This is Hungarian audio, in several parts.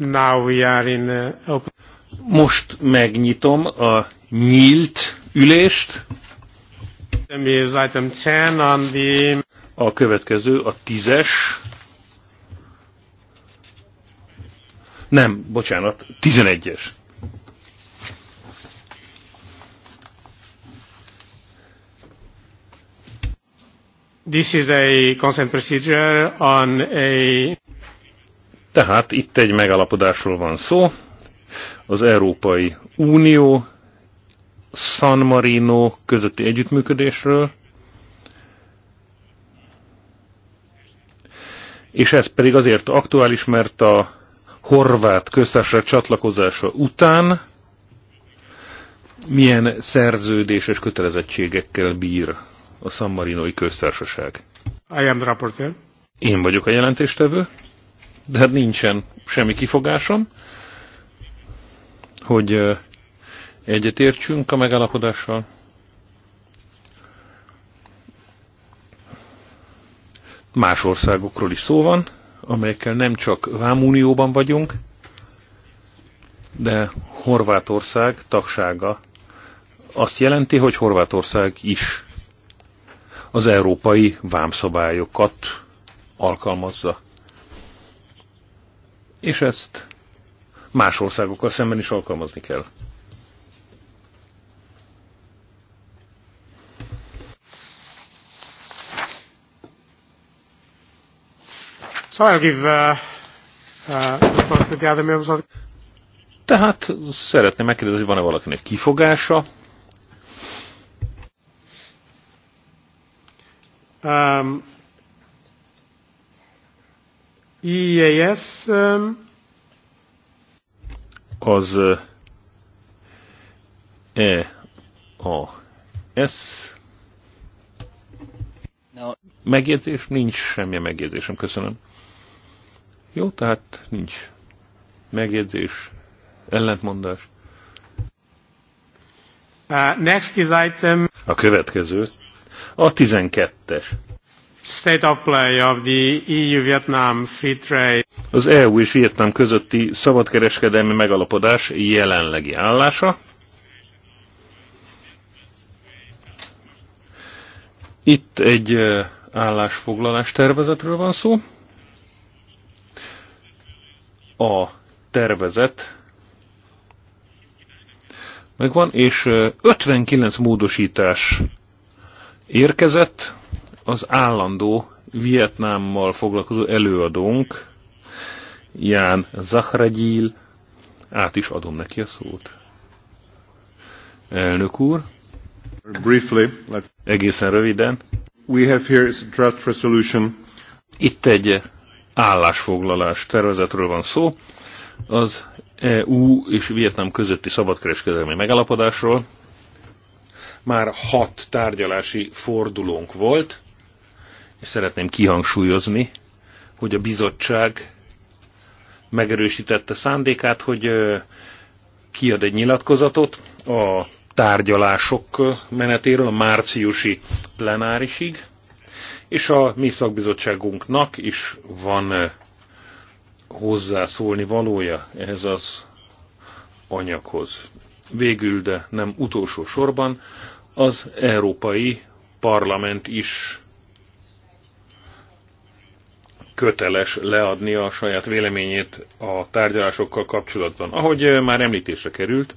Now we are in uh, open. Most megnyitom a nyílt ülést. Item 10 on the... A következő, a tízes. Nem, bocsánat, tizenegyes. This is a consent procedure on a tehát itt egy megalapodásról van szó. Az Európai Unió, San Marino közötti együttműködésről, és ez pedig azért aktuális, mert a horvát köztársaság csatlakozása után milyen szerződéses kötelezettségekkel bír a San Marinoi köztársaság. I am the Én vagyok a jelentéstevő de hát nincsen semmi kifogásom, hogy egyetértsünk a megállapodással. Más országokról is szó van, amelyekkel nem csak Vámunióban vagyunk, de Horvátország tagsága azt jelenti, hogy Horvátország is az európai vámszabályokat alkalmazza és ezt más országokkal szemben is alkalmazni kell. So I'll give uh, uh, the of... Tehát szeretném megkérdezni, hogy van-e valakinek kifogása. Um, EAS az E A S Megjegyzés? Nincs semmi megjegyzésem, köszönöm. Jó, tehát nincs megjegyzés, ellentmondás. Uh, next is item. A következő. A 12-es. State of play of the EU-Vietnam free trade. Az EU és Vietnám közötti szabadkereskedelmi megalapodás jelenlegi állása. Itt egy eh, állásfoglalás tervezetről van szó. A tervezet megvan, és 59 eh, módosítás érkezett, az állandó Vietnámmal foglalkozó előadónk, Ján Zahragyil, át is adom neki a szót. Elnök úr, Briefly, let... egészen röviden, We have here is draft resolution. Itt egy állásfoglalás tervezetről van szó, az EU és Vietnám közötti szabadkereskedelmi megállapodásról. Már hat tárgyalási fordulónk volt, és szeretném kihangsúlyozni, hogy a bizottság megerősítette szándékát, hogy kiad egy nyilatkozatot a tárgyalások menetéről a márciusi plenárisig, és a mi szakbizottságunknak is van hozzászólni valója ehhez az anyaghoz. Végül, de nem utolsó sorban, az Európai Parlament is köteles leadni a saját véleményét a tárgyalásokkal kapcsolatban. Ahogy már említésre került,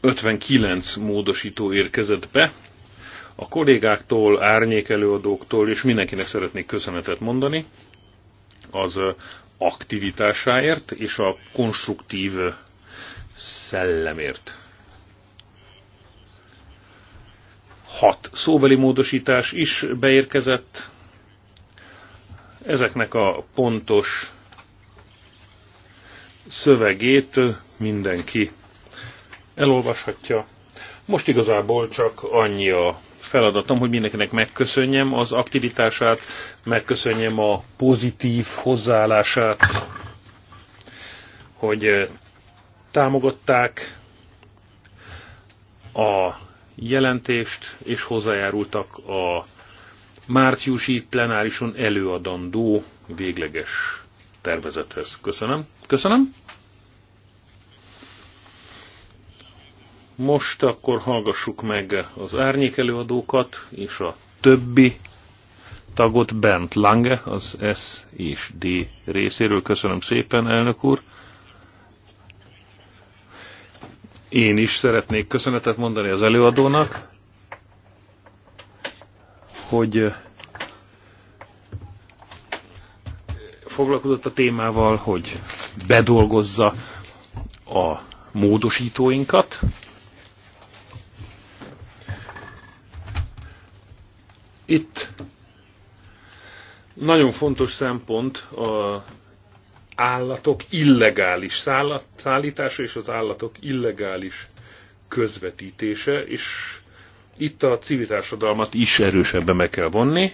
59 módosító érkezett be, a kollégáktól, árnyékelőadóktól, és mindenkinek szeretnék köszönetet mondani az aktivitásáért és a konstruktív szellemért. hat szóbeli módosítás is beérkezett. Ezeknek a pontos szövegét mindenki elolvashatja. Most igazából csak annyi a feladatom, hogy mindenkinek megköszönjem az aktivitását, megköszönjem a pozitív hozzáállását, hogy támogatták a jelentést, és hozzájárultak a márciusi plenárison előadandó végleges tervezethez. Köszönöm. Köszönöm. Most akkor hallgassuk meg az árnyék előadókat, és a többi tagot Bent Lange, az S és D részéről. Köszönöm szépen, elnök úr. Én is szeretnék köszönetet mondani az előadónak, hogy eh, foglalkozott a témával, hogy bedolgozza a módosítóinkat. Itt nagyon fontos szempont a állatok illegális szállítása és az állatok illegális közvetítése, és itt a civil társadalmat is erősebben meg kell vonni.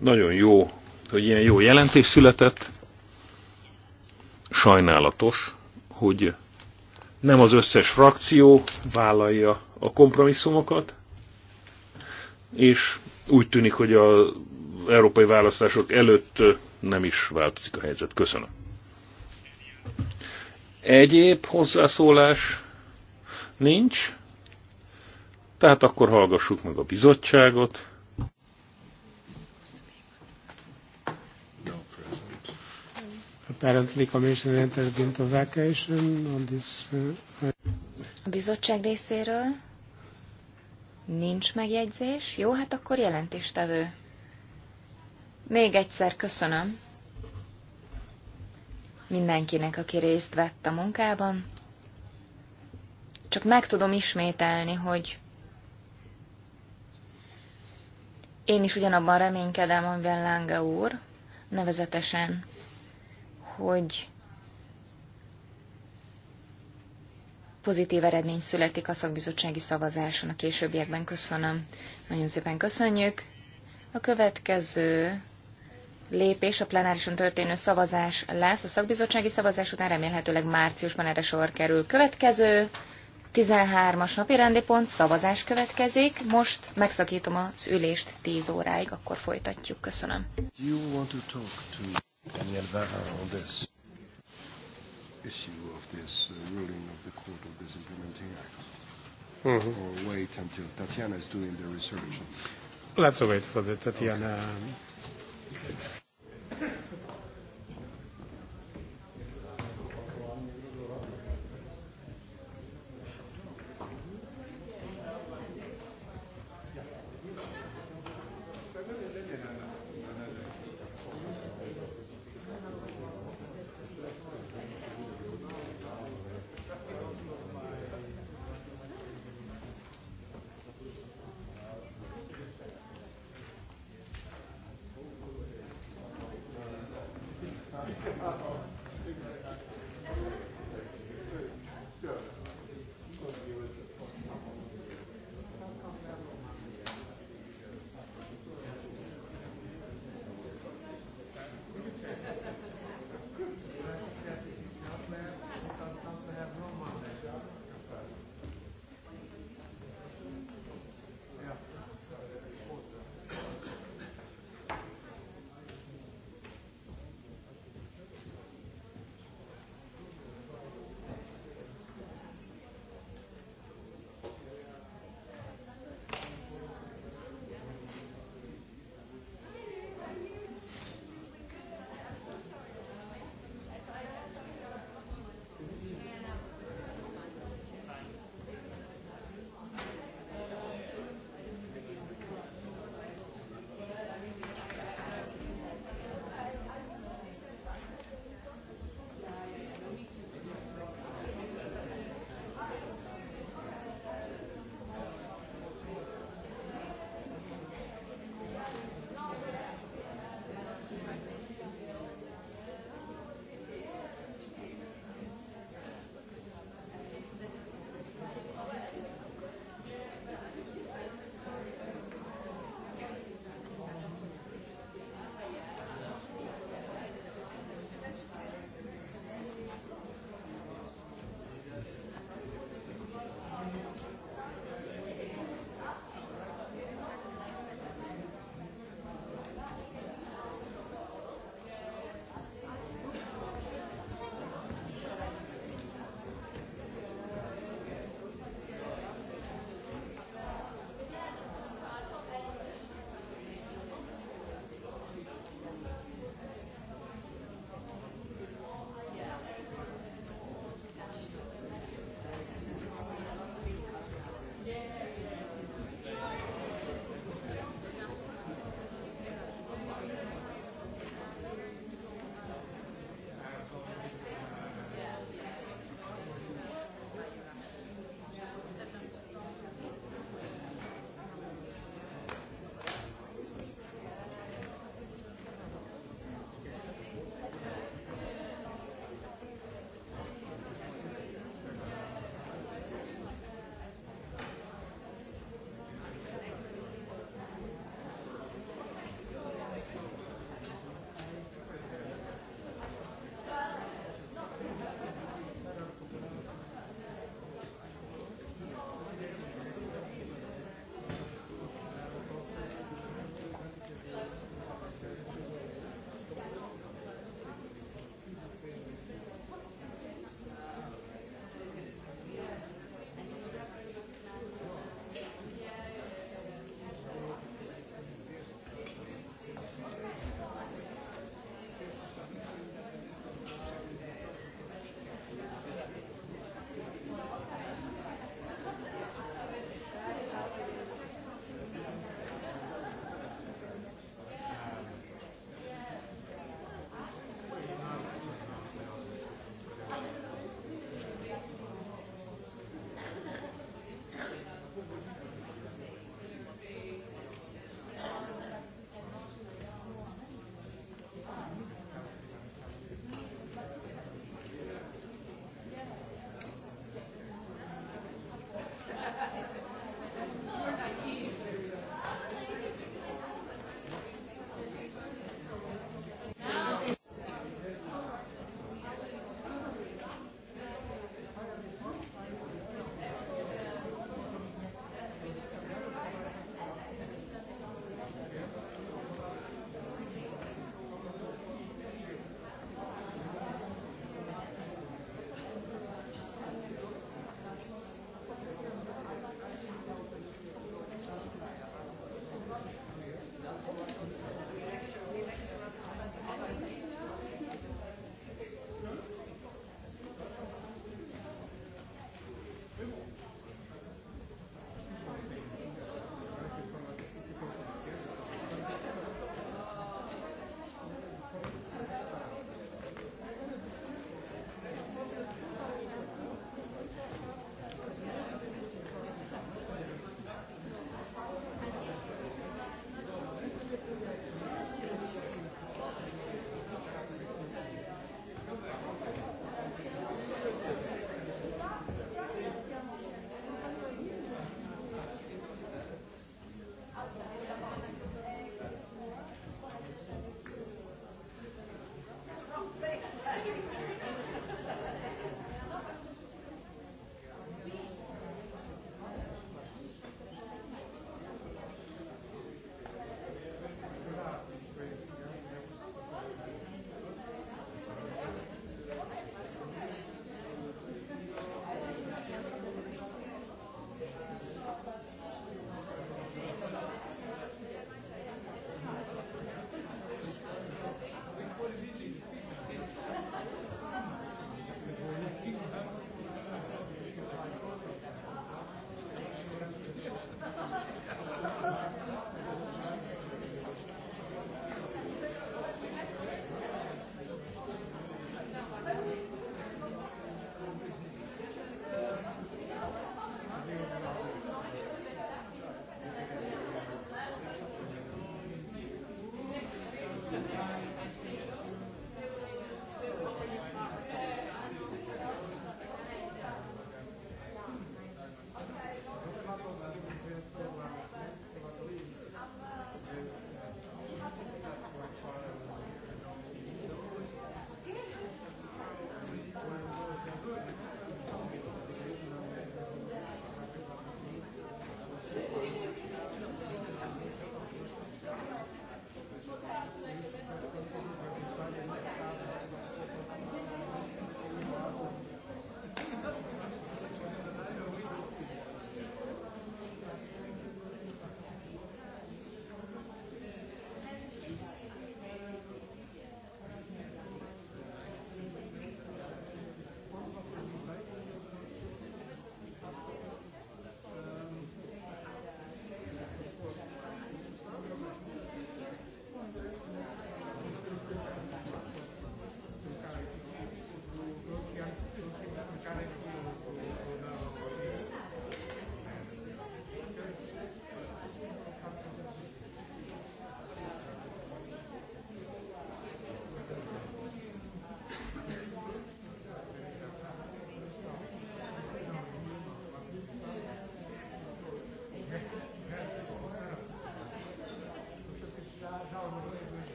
Nagyon jó, hogy ilyen jó jelentés született. Sajnálatos, hogy nem az összes frakció vállalja a kompromisszumokat, és úgy tűnik, hogy az európai választások előtt nem is változik a helyzet. Köszönöm. Egyéb hozzászólás nincs, tehát akkor hallgassuk meg a bizottságot. apparently Commission entered into vacation on this. Uh, a bizottság részéről Nincs megjegyzés? Jó, hát akkor jelentéstevő. Még egyszer köszönöm mindenkinek, aki részt vett a munkában. Csak meg tudom ismételni, hogy én is ugyanabban reménykedem, amiben Lange úr, nevezetesen, hogy pozitív eredmény születik a szakbizottsági szavazáson a későbbiekben. Köszönöm. Nagyon szépen köszönjük. A következő lépés a plenárison történő szavazás lesz. A szakbizottsági szavazás után remélhetőleg márciusban erre sor kerül. Következő 13-as napi rendi pont szavazás következik. Most megszakítom az ülést 10 óráig, akkor folytatjuk. Köszönöm issue of this uh, ruling of the Court of this implementing act? Mm-hmm. Or wait until Tatiana is doing the research? Let's wait for the Tatiana. Okay.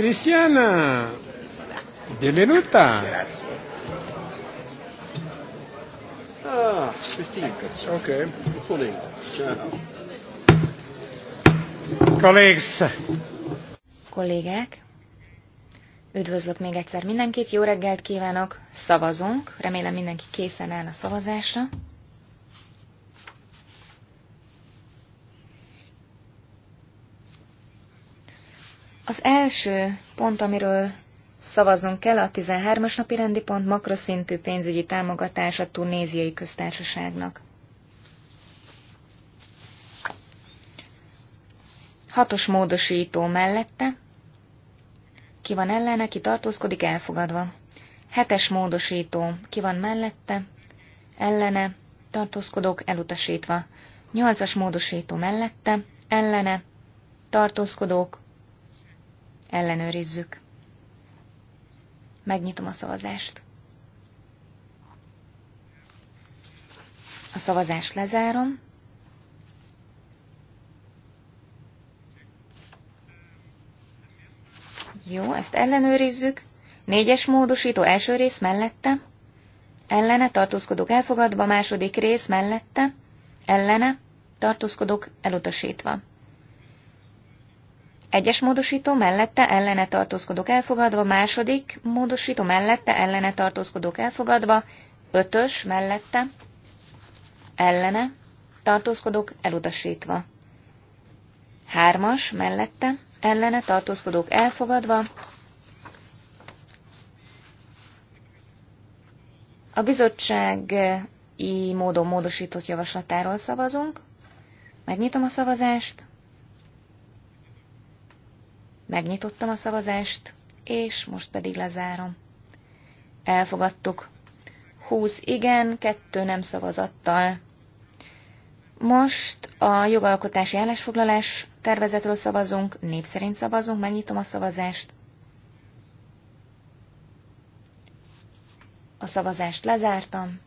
Cristiana, benvenuta. Grazie. Ah, Christine. Ok. Ciao. Colleagues. Kollégák, üdvözlök még egyszer mindenkit, jó reggelt kívánok, szavazunk, remélem mindenki készen áll a szavazásra. Az első pont, amiről szavaznunk kell, a 13-as napi rendi pont makroszintű pénzügyi támogatás a tunéziai köztársaságnak. Hatos módosító mellette. Ki van ellene, ki tartózkodik, elfogadva. Hetes módosító. Ki van mellette? Ellene. Tartózkodók elutasítva. Nyolcas módosító mellette. Ellene. Tartózkodók Ellenőrizzük. Megnyitom a szavazást. A szavazást lezárom. Jó, ezt ellenőrizzük. Négyes módosító első rész mellette. Ellene tartózkodok elfogadva, második rész mellette. Ellene tartózkodok elutasítva. Egyes módosító mellette ellene tartózkodok elfogadva, második módosító mellette ellene tartózkodok elfogadva, ötös mellette ellene tartózkodok elutasítva. Hármas mellette ellene tartózkodok elfogadva, A bizottság módon módosított javaslatáról szavazunk. Megnyitom a szavazást. Megnyitottam a szavazást, és most pedig lezárom. Elfogadtuk. Húsz igen, kettő nem szavazattal. Most a jogalkotási állásfoglalás tervezetről szavazunk, név szerint szavazunk, megnyitom a szavazást. A szavazást lezártam.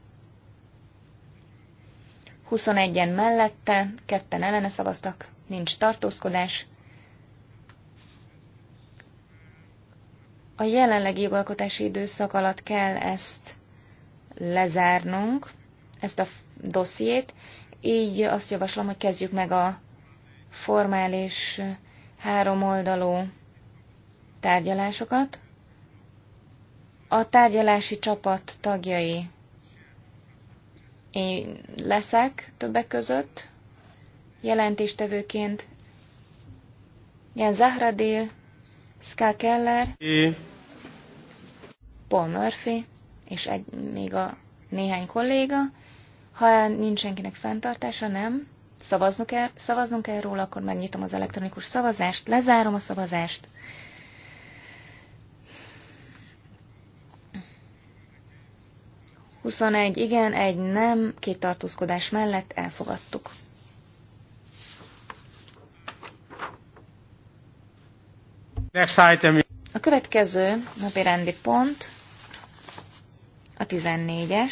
21-en mellette, ketten ellene szavaztak, nincs tartózkodás, A jelenlegi jogalkotási időszak alatt kell ezt lezárnunk, ezt a dossziét, így azt javaslom, hogy kezdjük meg a formális háromoldalú tárgyalásokat. A tárgyalási csapat tagjai én leszek többek között, jelentéstevőként Ilyen Zahradil, Ska Keller, é. Paul Murphy, és egy, még a néhány kolléga. Ha nincs senkinek fenntartása, nem. Szavaznunk kell, szavaznunk kell róla, akkor megnyitom az elektronikus szavazást, lezárom a szavazást. Huszonegy igen, egy nem, két tartózkodás mellett elfogadtuk. Next item. A következő napirendi pont a 14-es.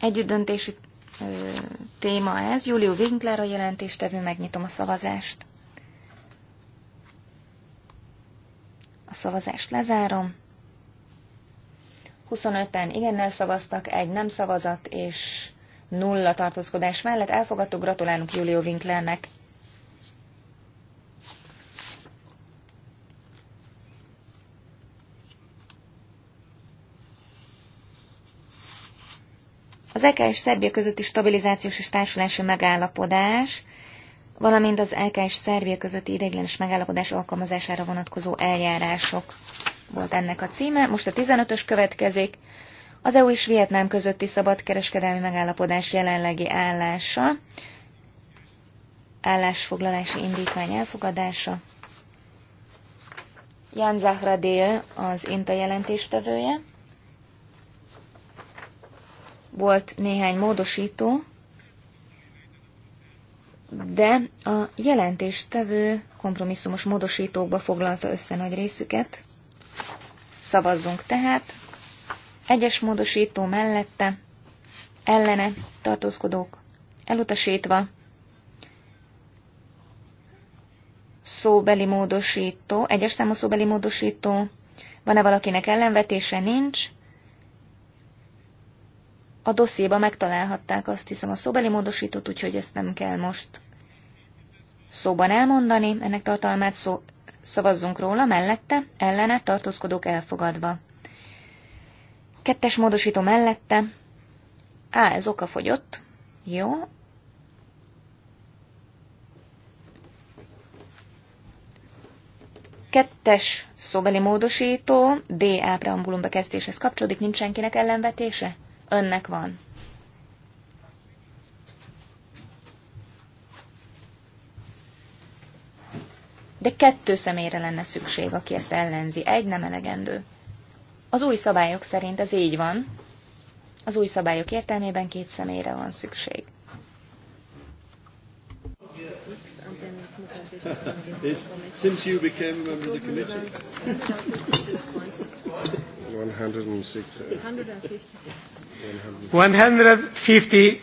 Együttdöntési ö, téma ez. Júlió Winkler a jelentéstevő, megnyitom a szavazást. A szavazást lezárom. 25-en igennel szavaztak, egy nem szavazat és nulla tartózkodás mellett elfogadtuk. Gratulálunk Julio Winklernek. Az EK és Szerbia közötti stabilizációs és társulási megállapodás, valamint az EK és Szerbia közötti ideiglenes megállapodás alkalmazására vonatkozó eljárások volt ennek a címe, most a 15-ös következik. Az EU és Vietnám közötti szabadkereskedelmi megállapodás jelenlegi állása, állásfoglalási indítvány elfogadása. Jan Zahradil az INTA jelentéstevője. Volt néhány módosító, de a jelentéstevő kompromisszumos módosítókba foglalta össze nagy részüket. Szavazzunk tehát. Egyes módosító mellette, ellene tartózkodók elutasítva. Szóbeli módosító, egyes számú szóbeli módosító. Van-e valakinek ellenvetése? Nincs. A dossziéba megtalálhatták azt hiszem a szóbeli módosítót, úgyhogy ezt nem kell most szóban elmondani, ennek tartalmát szó, Szavazzunk róla, mellette, ellene, tartózkodók elfogadva. Kettes módosító mellette. Á, ez oka fogyott. Jó. Kettes szóbeli módosító, D ápreambulum bekezdéshez kapcsolódik, nincs senkinek ellenvetése? Önnek van. de kettő személyre lenne szükség, aki ezt ellenzi. Egy nem elegendő. Az új szabályok szerint ez így van. Az új szabályok értelmében két személyre van szükség. Since you became a member of the committee.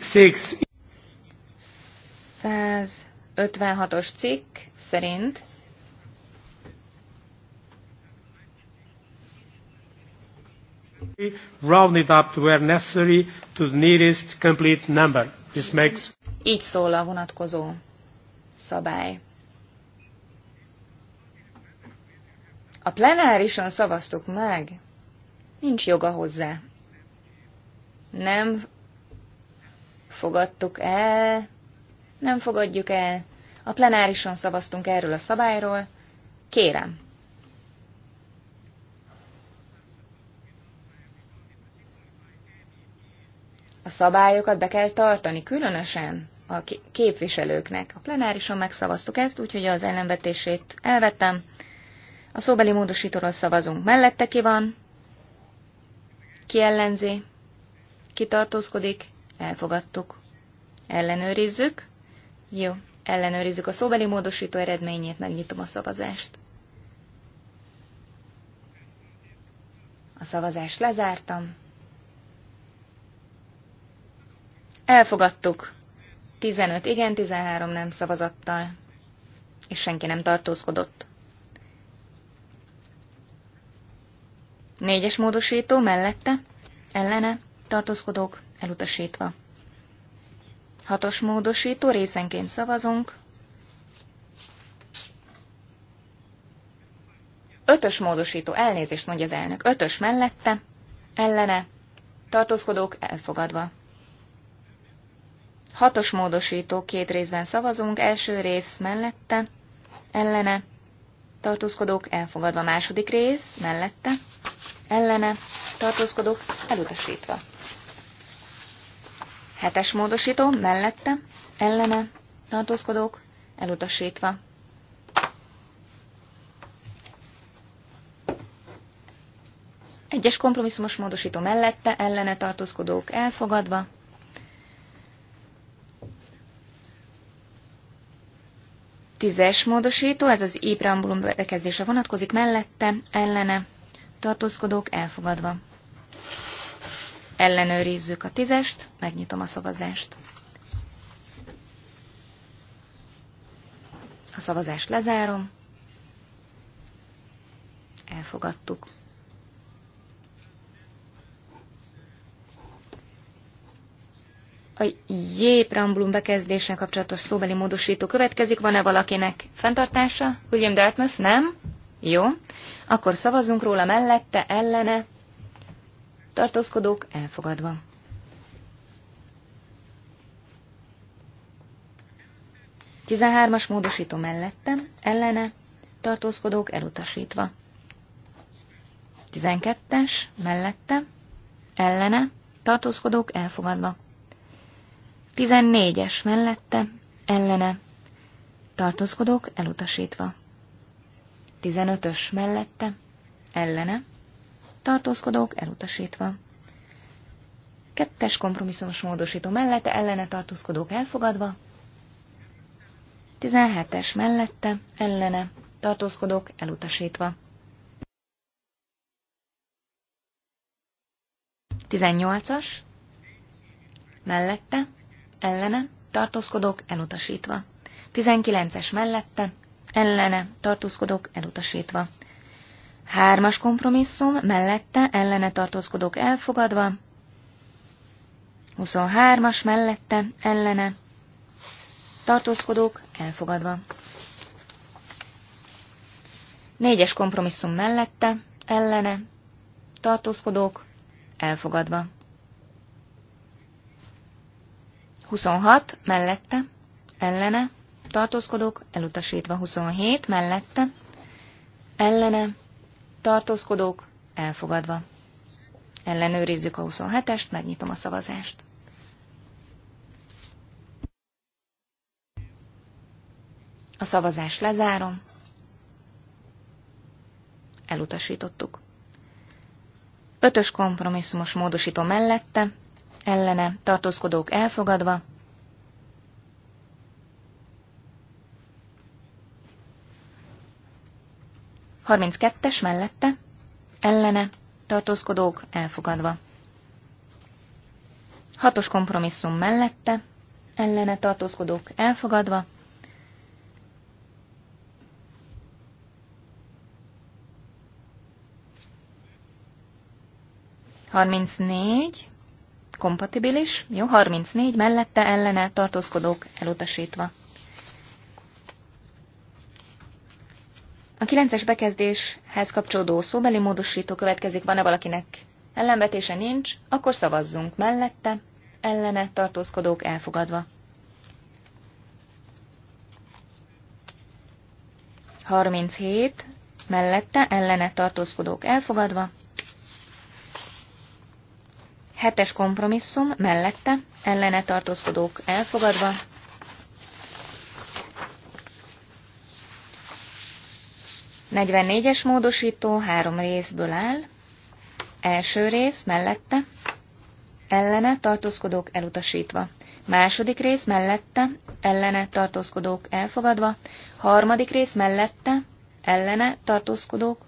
156. 156. 156-os cikk szerint Így szól a vonatkozó szabály. A plenárison szavaztuk meg. Nincs joga hozzá. Nem fogadtuk el, nem fogadjuk el. A plenárison szavaztunk erről a szabályról. Kérem, A szabályokat be kell tartani, különösen a képviselőknek. A plenárison megszavaztuk ezt, úgyhogy az ellenvetését elvettem. A szóbeli módosítóról szavazunk. Mellette ki van? Ki ellenzi? Ki tartózkodik? Elfogadtuk. Ellenőrizzük. Jó, ellenőrizzük a szóbeli módosító eredményét, megnyitom a szavazást. A szavazást lezártam. Elfogadtuk. 15 igen, 13 nem szavazattal. És senki nem tartózkodott. Négyes módosító mellette, ellene, tartózkodók, elutasítva. Hatos módosító, részenként szavazunk. Ötös módosító, elnézést mondja az elnök. Ötös mellette, ellene, tartózkodók elfogadva. Hatos módosító két részben szavazunk, első rész mellette, ellene, tartózkodók elfogadva, második rész mellette, ellene, tartózkodók elutasítva. Hetes módosító mellette, ellene, tartózkodók elutasítva. Egyes kompromisszumos módosító mellette, ellene tartózkodók elfogadva. Tízes módosító, ez az épreambulum bekezdése vonatkozik, mellette, ellene, tartózkodók elfogadva. Ellenőrizzük a tízest, megnyitom a szavazást. A szavazást lezárom. Elfogadtuk. A J preambulum bekezdésen kapcsolatos szóbeli módosító következik. Van-e valakinek fenntartása? William Dartmouth? Nem? Jó. Akkor szavazzunk róla mellette, ellene. Tartózkodók elfogadva. Tizenhármas módosító mellette, ellene. Tartózkodók elutasítva. Tizenkettes mellette, ellene. Tartózkodók elfogadva. Tizennégyes mellette, ellene, tartózkodók elutasítva. Tizenötös mellette, ellene, tartózkodók elutasítva. Kettes kompromisszumos módosító mellette, ellene tartózkodók elfogadva. Tizenhetes mellette, ellene, tartózkodók elutasítva. 18-as, mellette, ellene, tartózkodok, elutasítva. 19-es mellette, ellene, tartózkodok, elutasítva. Hármas kompromisszum, mellette, ellene tartózkodok elfogadva. 23-as mellette, ellene, tartózkodok elfogadva. Négyes kompromisszum mellette, ellene, tartózkodók elfogadva. 26 mellette, ellene, tartózkodok, elutasítva. 27 mellette, ellene, tartózkodok, elfogadva. Ellenőrizzük a 27-est, megnyitom a szavazást. A szavazást lezárom. Elutasítottuk. Ötös kompromisszumos módosító mellette, ellene tartózkodók elfogadva, harminc kettes mellette, ellene tartózkodók elfogadva. Hatos kompromisszum mellette, ellene tartózkodók elfogadva, Harminc négy kompatibilis, jó, 34 mellette ellene tartózkodók elutasítva. A 9-es bekezdéshez kapcsolódó szóbeli módosító következik, van-e valakinek ellenvetése nincs, akkor szavazzunk mellette, ellene tartózkodók elfogadva. 37 mellette ellene tartózkodók elfogadva, Hetes kompromisszum mellette ellene tartózkodók elfogadva. Negyvennégyes módosító három részből áll. Első rész mellette ellene tartózkodók elutasítva. Második rész mellette ellene tartózkodók elfogadva. Harmadik rész mellette ellene tartózkodók.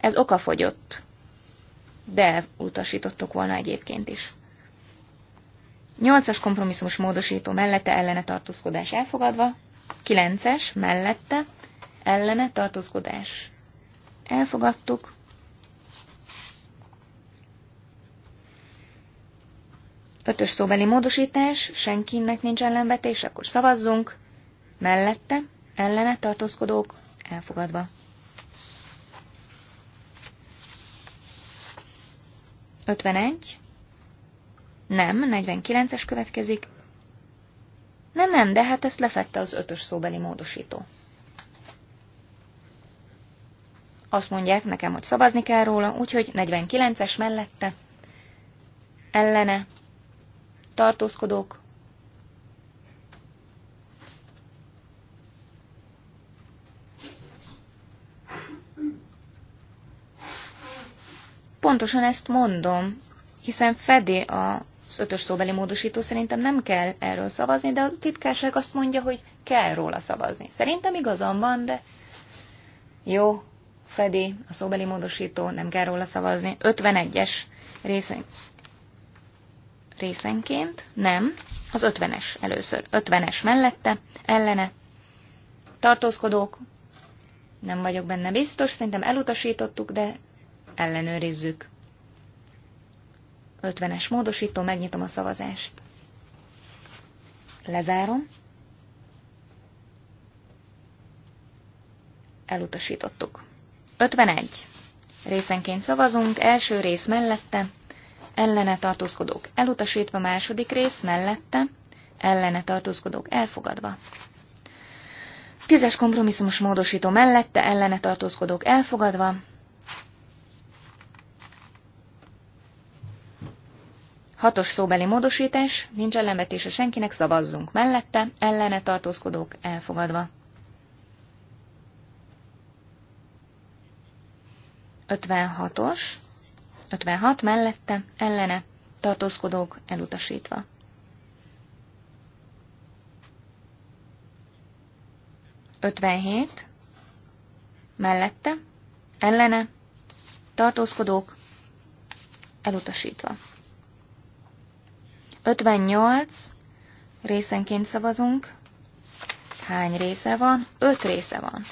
Ez okafogyott de utasítottuk volna egyébként is. Nyolcas kompromisszumos módosító mellette ellene tartózkodás elfogadva, kilences mellette ellene tartózkodás elfogadtuk, Ötös szóbeli módosítás, senkinek nincs ellenvetés, akkor szavazzunk. Mellette, ellene tartózkodók, elfogadva. 51. Nem, 49-es következik. Nem, nem, de hát ezt lefette az ötös szóbeli módosító. Azt mondják nekem, hogy szavazni kell róla, úgyhogy 49-es mellette. Ellene. Tartózkodók. Pontosan ezt mondom, hiszen fedi az ötös szóbeli módosító szerintem nem kell erről szavazni, de a titkárság azt mondja, hogy kell róla szavazni. Szerintem igazam van, de jó, fedi a szóbeli módosító, nem kell róla szavazni. 51-es részen... részenként, nem, az 50-es először. 50-es mellette, ellene, tartózkodók, nem vagyok benne biztos, szerintem elutasítottuk, de ellenőrizzük. 50-es módosító, megnyitom a szavazást. Lezárom. Elutasítottuk. 51. Részenként szavazunk, első rész mellette, ellene tartózkodók elutasítva, második rész mellette, ellene tartózkodók elfogadva. Tízes kompromisszumos módosító mellette, ellene tartózkodók elfogadva, Hatos szóbeli módosítás, nincs ellenvetése senkinek, szavazzunk mellette, ellene tartózkodók elfogadva. Ötvenhatos, ötvenhat mellette, ellene tartózkodók elutasítva. Ötvenhét, mellette, ellene, tartózkodók, elutasítva. 58 részenként szavazunk. Hány része van? 5 része van.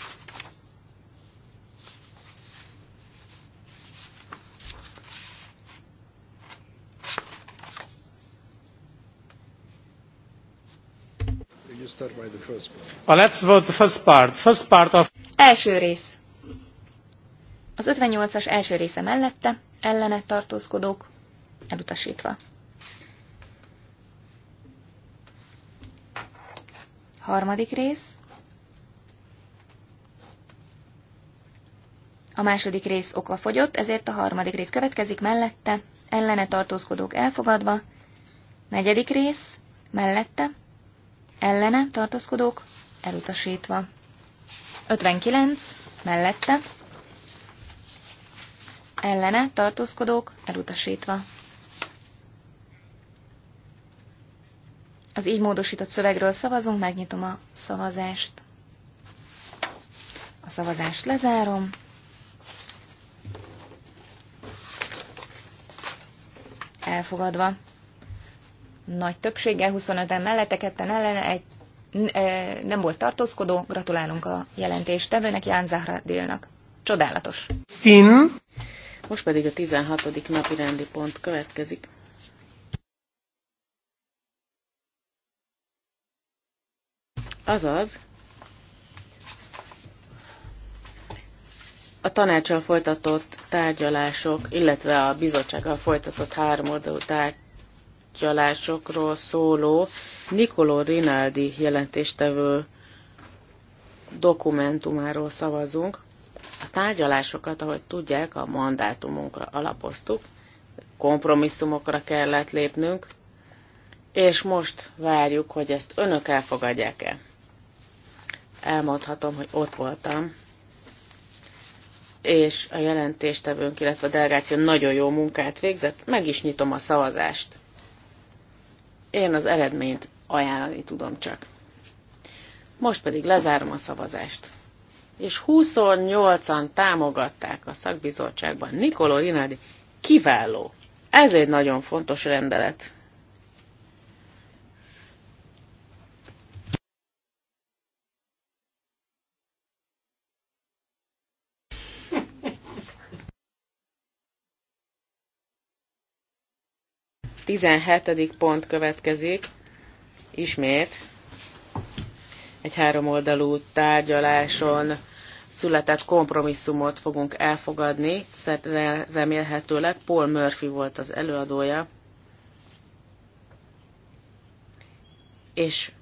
A let's vote the first part. First part of... Első rész. Az 58-as első része mellette, ellene tartózkodók, elutasítva. Harmadik rész. A második rész oka fogyott, ezért a harmadik rész következik mellette, ellene tartózkodók elfogadva. Negyedik rész, mellette, ellene tartózkodók elutasítva. 59, mellette, ellene tartózkodók elutasítva. Az így módosított szövegről szavazunk, megnyitom a szavazást. A szavazást lezárom. Elfogadva. Nagy többséggel, 25-en mellette, ketten ellene, egy e, nem volt tartózkodó, gratulálunk a tevőnek, Ján Zahra Délnak. Csodálatos. Szín. Most pedig a 16. napi rendi pont következik. Azaz, a tanácsal folytatott tárgyalások, illetve a bizottsággal folytatott háromoldalú tárgyalásokról szóló Nikoló Rinaldi jelentéstevő dokumentumáról szavazunk. A tárgyalásokat, ahogy tudják, a mandátumunkra alapoztuk, kompromisszumokra kellett lépnünk, és most várjuk, hogy ezt önök elfogadják-e elmondhatom, hogy ott voltam, és a jelentéstevőnk, illetve a delegáció nagyon jó munkát végzett, meg is nyitom a szavazást. Én az eredményt ajánlani tudom csak. Most pedig lezárom a szavazást. És 28-an támogatták a szakbizottságban. Nikoló Rinaldi kiváló. Ez egy nagyon fontos rendelet. 17. pont következik, ismét egy háromoldalú tárgyaláson született kompromisszumot fogunk elfogadni, remélhetőleg Paul Murphy volt az előadója, és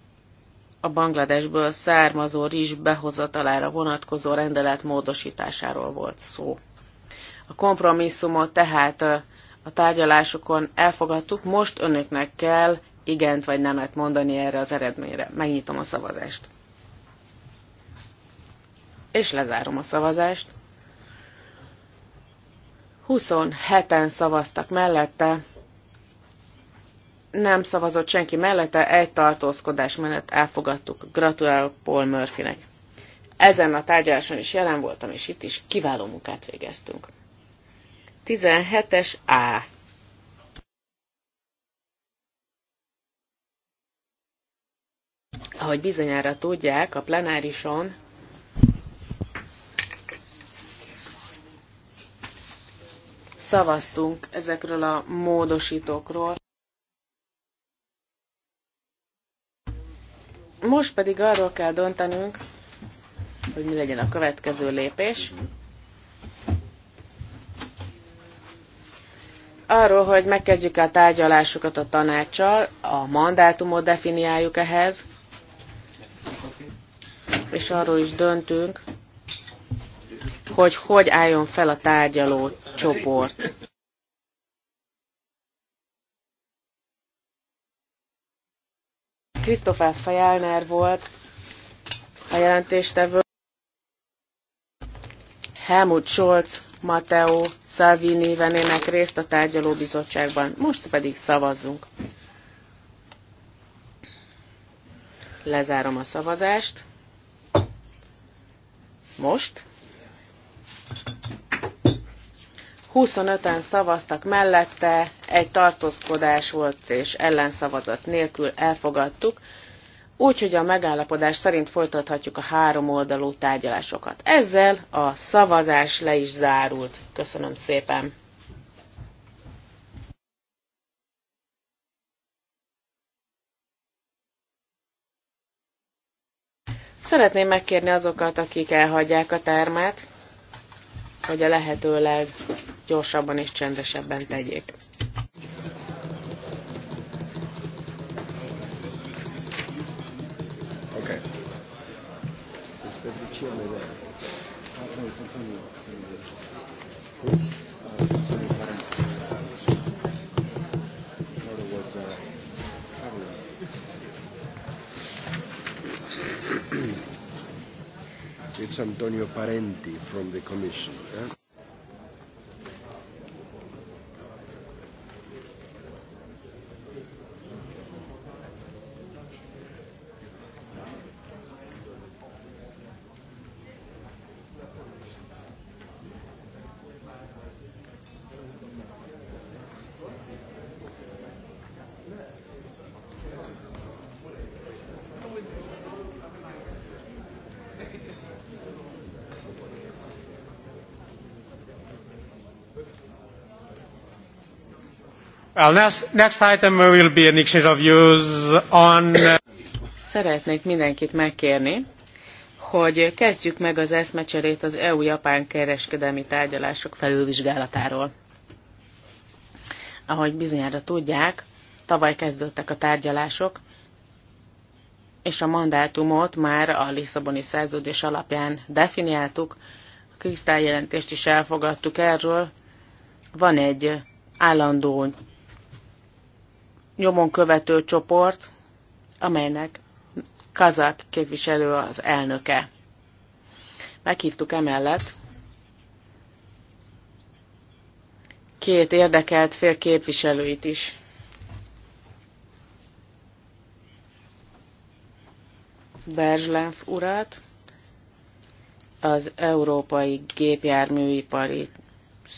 a Bangladesből származó rizs behozatalára vonatkozó rendelet módosításáról volt szó. A kompromisszumot tehát a tárgyalásokon elfogadtuk, most önöknek kell igent vagy nemet mondani erre az eredményre. Megnyitom a szavazást. És lezárom a szavazást. 27-en szavaztak mellette, nem szavazott senki mellette, egy tartózkodás mellett elfogadtuk. Gratulálok Paul Murphynek. Ezen a tárgyaláson is jelen voltam, és itt is kiváló munkát végeztünk. 17-es A. Ahogy bizonyára tudják, a plenárison szavaztunk ezekről a módosítókról. Most pedig arról kell döntenünk, hogy mi legyen a következő lépés. arról, hogy megkezdjük a tárgyalásokat a tanácssal, a mandátumot definiáljuk ehhez, és arról is döntünk, hogy hogy álljon fel a tárgyaló csoport. Christopher Fajelner volt a jelentéstevő, Helmut Scholz Matteo Salvini vennének részt a tárgyalóbizottságban. Most pedig szavazzunk. Lezárom a szavazást. Most. 25-en szavaztak mellette, egy tartózkodás volt és ellenszavazat nélkül elfogadtuk úgy, hogy a megállapodás szerint folytathatjuk a három oldalú tárgyalásokat. Ezzel a szavazás le is zárult. Köszönöm szépen! Szeretném megkérni azokat, akik elhagyják a termet, hogy a lehető leggyorsabban és csendesebben tegyék. It's Antonio Parenti from the Commission. Eh? Szeretnék mindenkit megkérni, hogy kezdjük meg az eszmecserét az EU-Japán kereskedelmi tárgyalások felülvizsgálatáról. Ahogy bizonyára tudják, tavaly kezdődtek a tárgyalások, és a mandátumot már a Lisszaboni szerződés alapján definiáltuk, a kristályjelentést is elfogadtuk erről. Van egy állandó nyomon követő csoport, amelynek kazak képviselő az elnöke. Meghívtuk emellett két érdekelt fél képviselőit is. Berzslenf urat, az Európai Gépjárműipari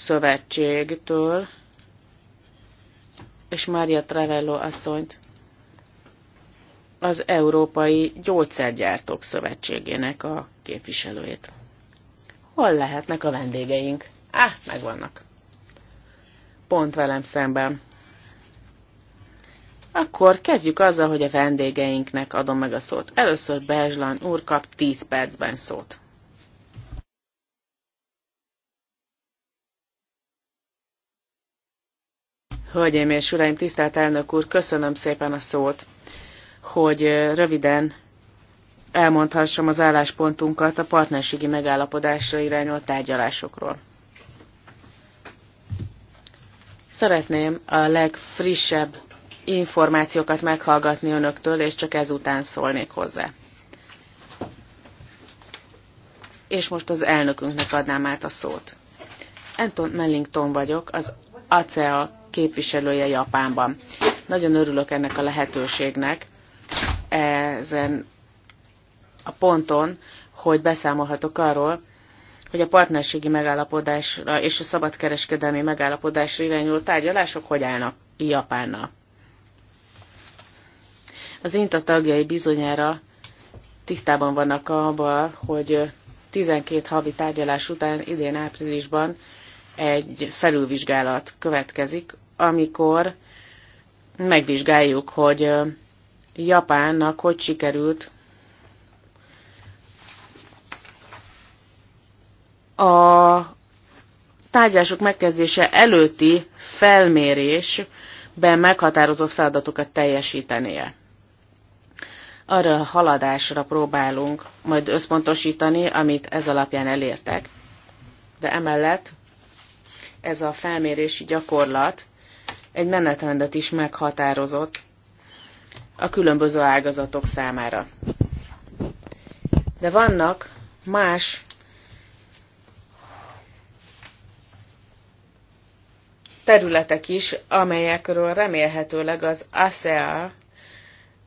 Szövetségtől, és Mária Travello asszonyt az Európai Gyógyszergyártók Szövetségének a képviselőjét. Hol lehetnek a vendégeink? Á, megvannak. Pont velem szemben. Akkor kezdjük azzal, hogy a vendégeinknek adom meg a szót. Először Bezslan úr kap 10 percben szót. Hölgyeim és Uraim, tisztelt elnök úr, köszönöm szépen a szót, hogy röviden elmondhassam az álláspontunkat a partnerségi megállapodásra irányolt tárgyalásokról. Szeretném a legfrissebb információkat meghallgatni önöktől, és csak ezután szólnék hozzá. És most az elnökünknek adnám át a szót. Anton Mellington vagyok, az ACEA képviselője Japánban. Nagyon örülök ennek a lehetőségnek ezen a ponton, hogy beszámolhatok arról, hogy a partnerségi megállapodásra és a szabadkereskedelmi megállapodásra irányuló tárgyalások hogy állnak Japánnal. Az INTA tagjai bizonyára tisztában vannak abban, hogy 12 havi tárgyalás után idén áprilisban egy felülvizsgálat következik, amikor megvizsgáljuk, hogy Japánnak hogy sikerült a tárgyások megkezdése előtti felmérésben meghatározott feladatokat teljesítenie. Arra a haladásra próbálunk majd összpontosítani, amit ez alapján elértek, de emellett ez a felmérési gyakorlat egy menetrendet is meghatározott a különböző ágazatok számára. De vannak más területek is, amelyekről remélhetőleg az ASEA e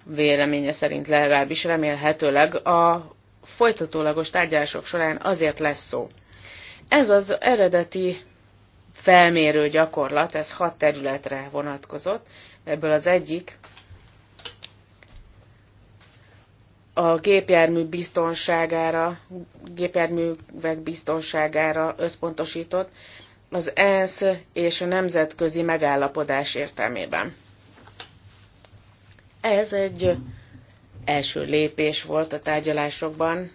véleménye szerint legalábbis remélhetőleg a folytatólagos tárgyalások során azért lesz szó. Ez az eredeti felmérő gyakorlat, ez hat területre vonatkozott, ebből az egyik a gépjármű biztonságára, gépjárművek biztonságára összpontosított az ENSZ és a nemzetközi megállapodás értelmében. Ez egy első lépés volt a tárgyalásokban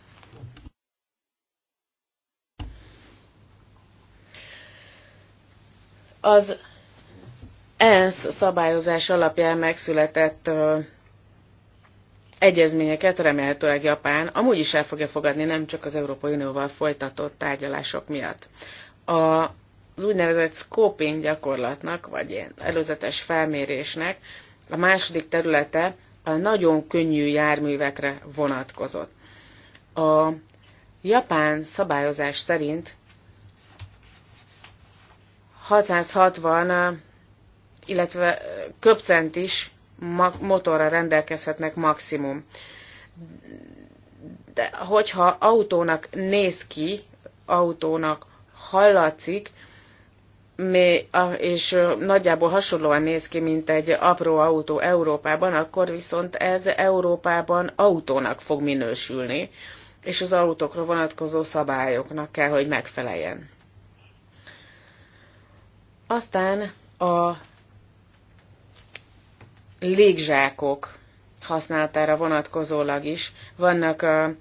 az ENSZ szabályozás alapján megszületett ö, egyezményeket remélhetőleg Japán amúgy is el fogja fogadni, nem csak az Európai Unióval folytatott tárgyalások miatt. A, az úgynevezett scoping gyakorlatnak, vagy ilyen előzetes felmérésnek a második területe a nagyon könnyű járművekre vonatkozott. A japán szabályozás szerint 660, illetve köpcent is motorra rendelkezhetnek maximum. De hogyha autónak néz ki, autónak hallatszik, és nagyjából hasonlóan néz ki, mint egy apró autó Európában, akkor viszont ez Európában autónak fog minősülni, és az autókra vonatkozó szabályoknak kell, hogy megfeleljen. Aztán a légzsákok használatára vonatkozólag is vannak a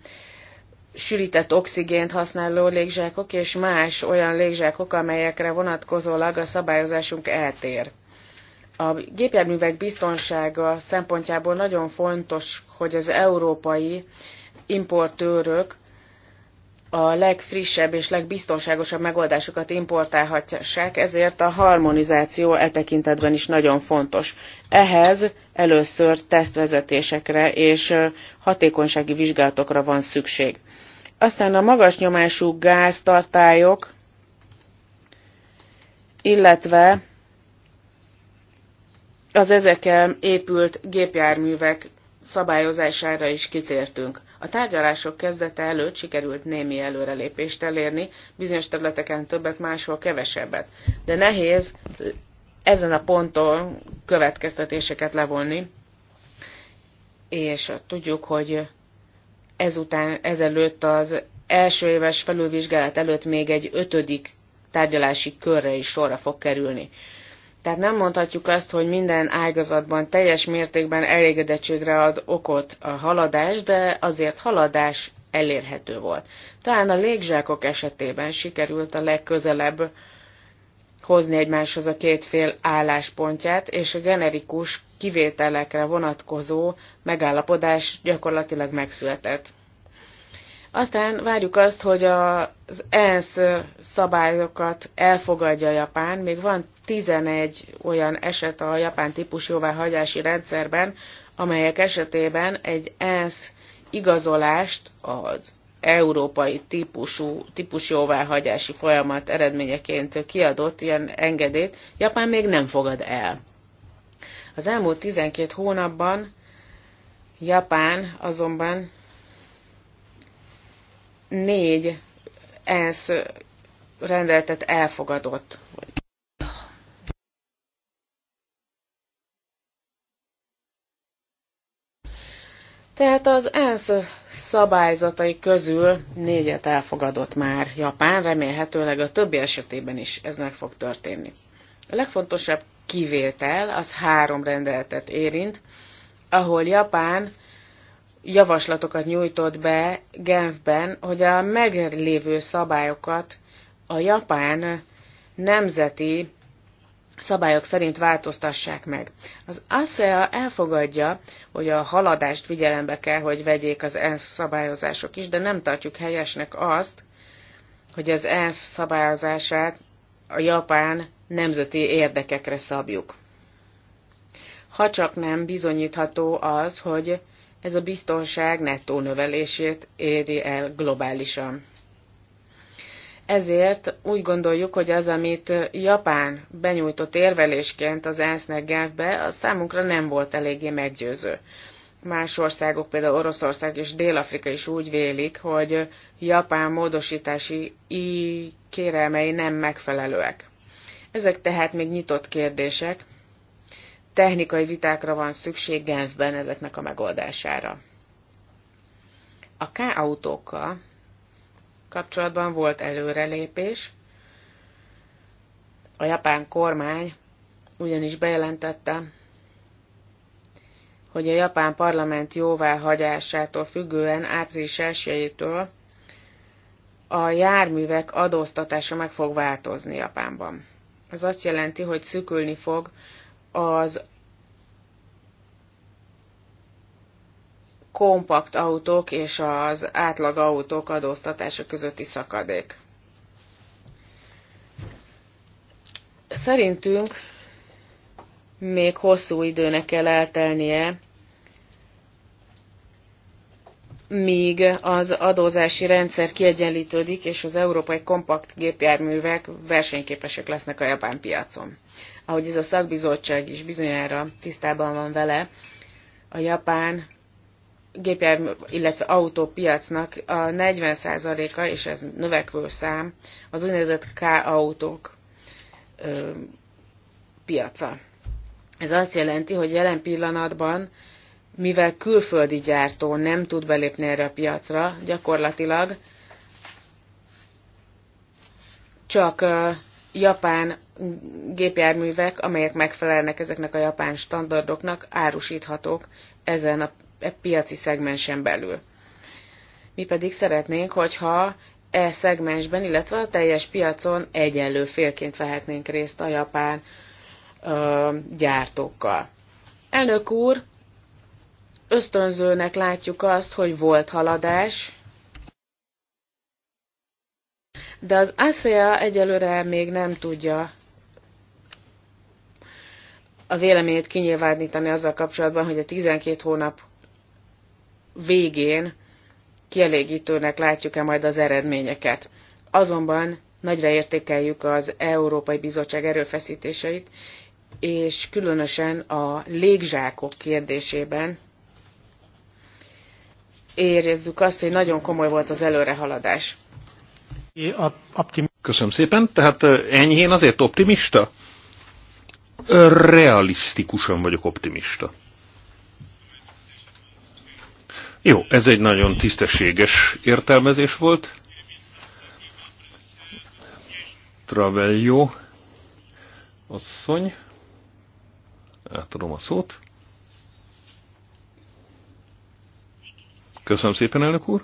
sűrített oxigént használó légzsákok és más olyan légzsákok, amelyekre vonatkozólag a szabályozásunk eltér. A gépjárművek biztonsága szempontjából nagyon fontos, hogy az európai importőrök a legfrissebb és legbiztonságosabb megoldásokat importálhatják, ezért a harmonizáció e tekintetben is nagyon fontos. Ehhez először tesztvezetésekre és hatékonysági vizsgálatokra van szükség. Aztán a magas nyomású gáztartályok, illetve az ezekkel épült gépjárművek szabályozására is kitértünk. A tárgyalások kezdete előtt sikerült némi előrelépést elérni, bizonyos területeken többet, máshol kevesebbet. De nehéz ezen a ponton következtetéseket levonni, és tudjuk, hogy ezután, ezelőtt az első éves felülvizsgálat előtt még egy ötödik tárgyalási körre is sorra fog kerülni. Tehát nem mondhatjuk azt, hogy minden ágazatban teljes mértékben elégedettségre ad okot a haladás, de azért haladás elérhető volt. Talán a légzsákok esetében sikerült a legközelebb hozni egymáshoz a két fél álláspontját, és a generikus kivételekre vonatkozó megállapodás gyakorlatilag megszületett. Aztán várjuk azt, hogy az ENSZ szabályokat elfogadja Japán. Még van 11 olyan eset a japán típus jóváhagyási rendszerben, amelyek esetében egy ENSZ igazolást az európai típusú, típus jóváhagyási folyamat eredményeként kiadott ilyen engedélyt Japán még nem fogad el. Az elmúlt 12 hónapban Japán azonban négy ENSZ rendeletet elfogadott. Tehát az ENSZ szabályzatai közül négyet elfogadott már Japán, remélhetőleg a többi esetében is ez meg fog történni. A legfontosabb kivétel az három rendeletet érint, ahol Japán javaslatokat nyújtott be Genfben, hogy a meglévő szabályokat a japán nemzeti szabályok szerint változtassák meg. Az ASEA elfogadja, hogy a haladást figyelembe kell, hogy vegyék az ENSZ szabályozások is, de nem tartjuk helyesnek azt, hogy az ENSZ szabályozását a japán nemzeti érdekekre szabjuk. Ha csak nem bizonyítható az, hogy ez a biztonság nettó növelését éri el globálisan. Ezért úgy gondoljuk, hogy az, amit Japán benyújtott érvelésként az ENSZ-nek Genfbe, az számunkra nem volt eléggé meggyőző. Más országok, például Oroszország és Dél-Afrika is úgy vélik, hogy Japán módosítási kérelmei nem megfelelőek. Ezek tehát még nyitott kérdések, technikai vitákra van szükség Genfben ezeknek a megoldására. A K-autókkal kapcsolatban volt előrelépés. A japán kormány ugyanis bejelentette, hogy a japán parlament jóváhagyásától függően április 1 a járművek adóztatása meg fog változni Japánban. Ez azt jelenti, hogy szükülni fog az kompakt autók és az átlag autók adóztatása közötti szakadék. Szerintünk még hosszú időnek kell eltelnie, míg az adózási rendszer kiegyenlítődik, és az európai kompakt gépjárművek versenyképesek lesznek a japán piacon ahogy ez a szakbizottság is bizonyára tisztában van vele, a japán gépjármű, illetve autópiacnak a 40%-a, és ez növekvő szám, az úgynevezett K-autók ö, piaca. Ez azt jelenti, hogy jelen pillanatban, mivel külföldi gyártó nem tud belépni erre a piacra, gyakorlatilag csak japán gépjárművek, amelyek megfelelnek ezeknek a japán standardoknak, árusíthatók ezen a e piaci szegmensen belül. Mi pedig szeretnénk, hogyha e szegmensben, illetve a teljes piacon egyenlő félként vehetnénk részt a japán ö, gyártókkal. Elnök úr, ösztönzőnek látjuk azt, hogy volt haladás, de az ASEA egyelőre még nem tudja a véleményét kinyilvánítani azzal kapcsolatban, hogy a 12 hónap végén kielégítőnek látjuk-e majd az eredményeket. Azonban nagyra értékeljük az Európai Bizottság erőfeszítéseit, és különösen a légzsákok kérdésében érezzük azt, hogy nagyon komoly volt az előrehaladás. Köszönöm szépen. Tehát eh, enyhén azért optimista? Realisztikusan vagyok optimista. Jó, ez egy nagyon tisztességes értelmezés volt. Travelio asszony. Átadom a szót. Köszönöm szépen, elnök úr.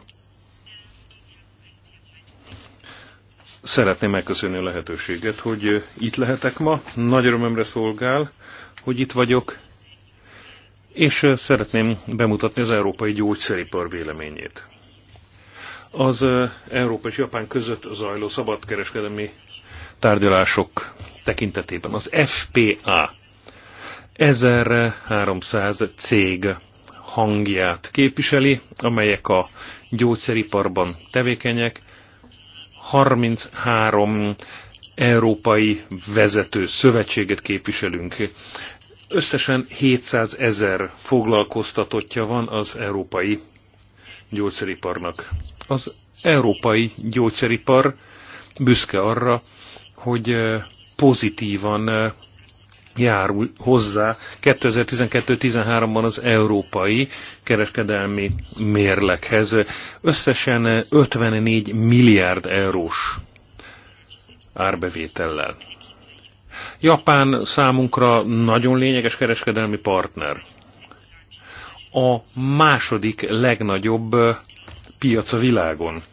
Szeretném megköszönni a lehetőséget, hogy itt lehetek ma. Nagy örömömre szolgál, hogy itt vagyok, és szeretném bemutatni az európai gyógyszeripar véleményét. Az Európa és Japán között zajló szabadkereskedelmi tárgyalások tekintetében az FPA 1300 cég hangját képviseli, amelyek a gyógyszeriparban tevékenyek, 33 európai vezető szövetséget képviselünk. Összesen 700 ezer foglalkoztatottja van az európai gyógyszeriparnak. Az európai gyógyszeripar büszke arra, hogy eh, pozitívan eh, járul hozzá 2012-13-ban az európai kereskedelmi mérlekhez. Összesen 54 milliárd eurós árbevétellel. Japán számunkra nagyon lényeges kereskedelmi partner. A második legnagyobb piac a világon.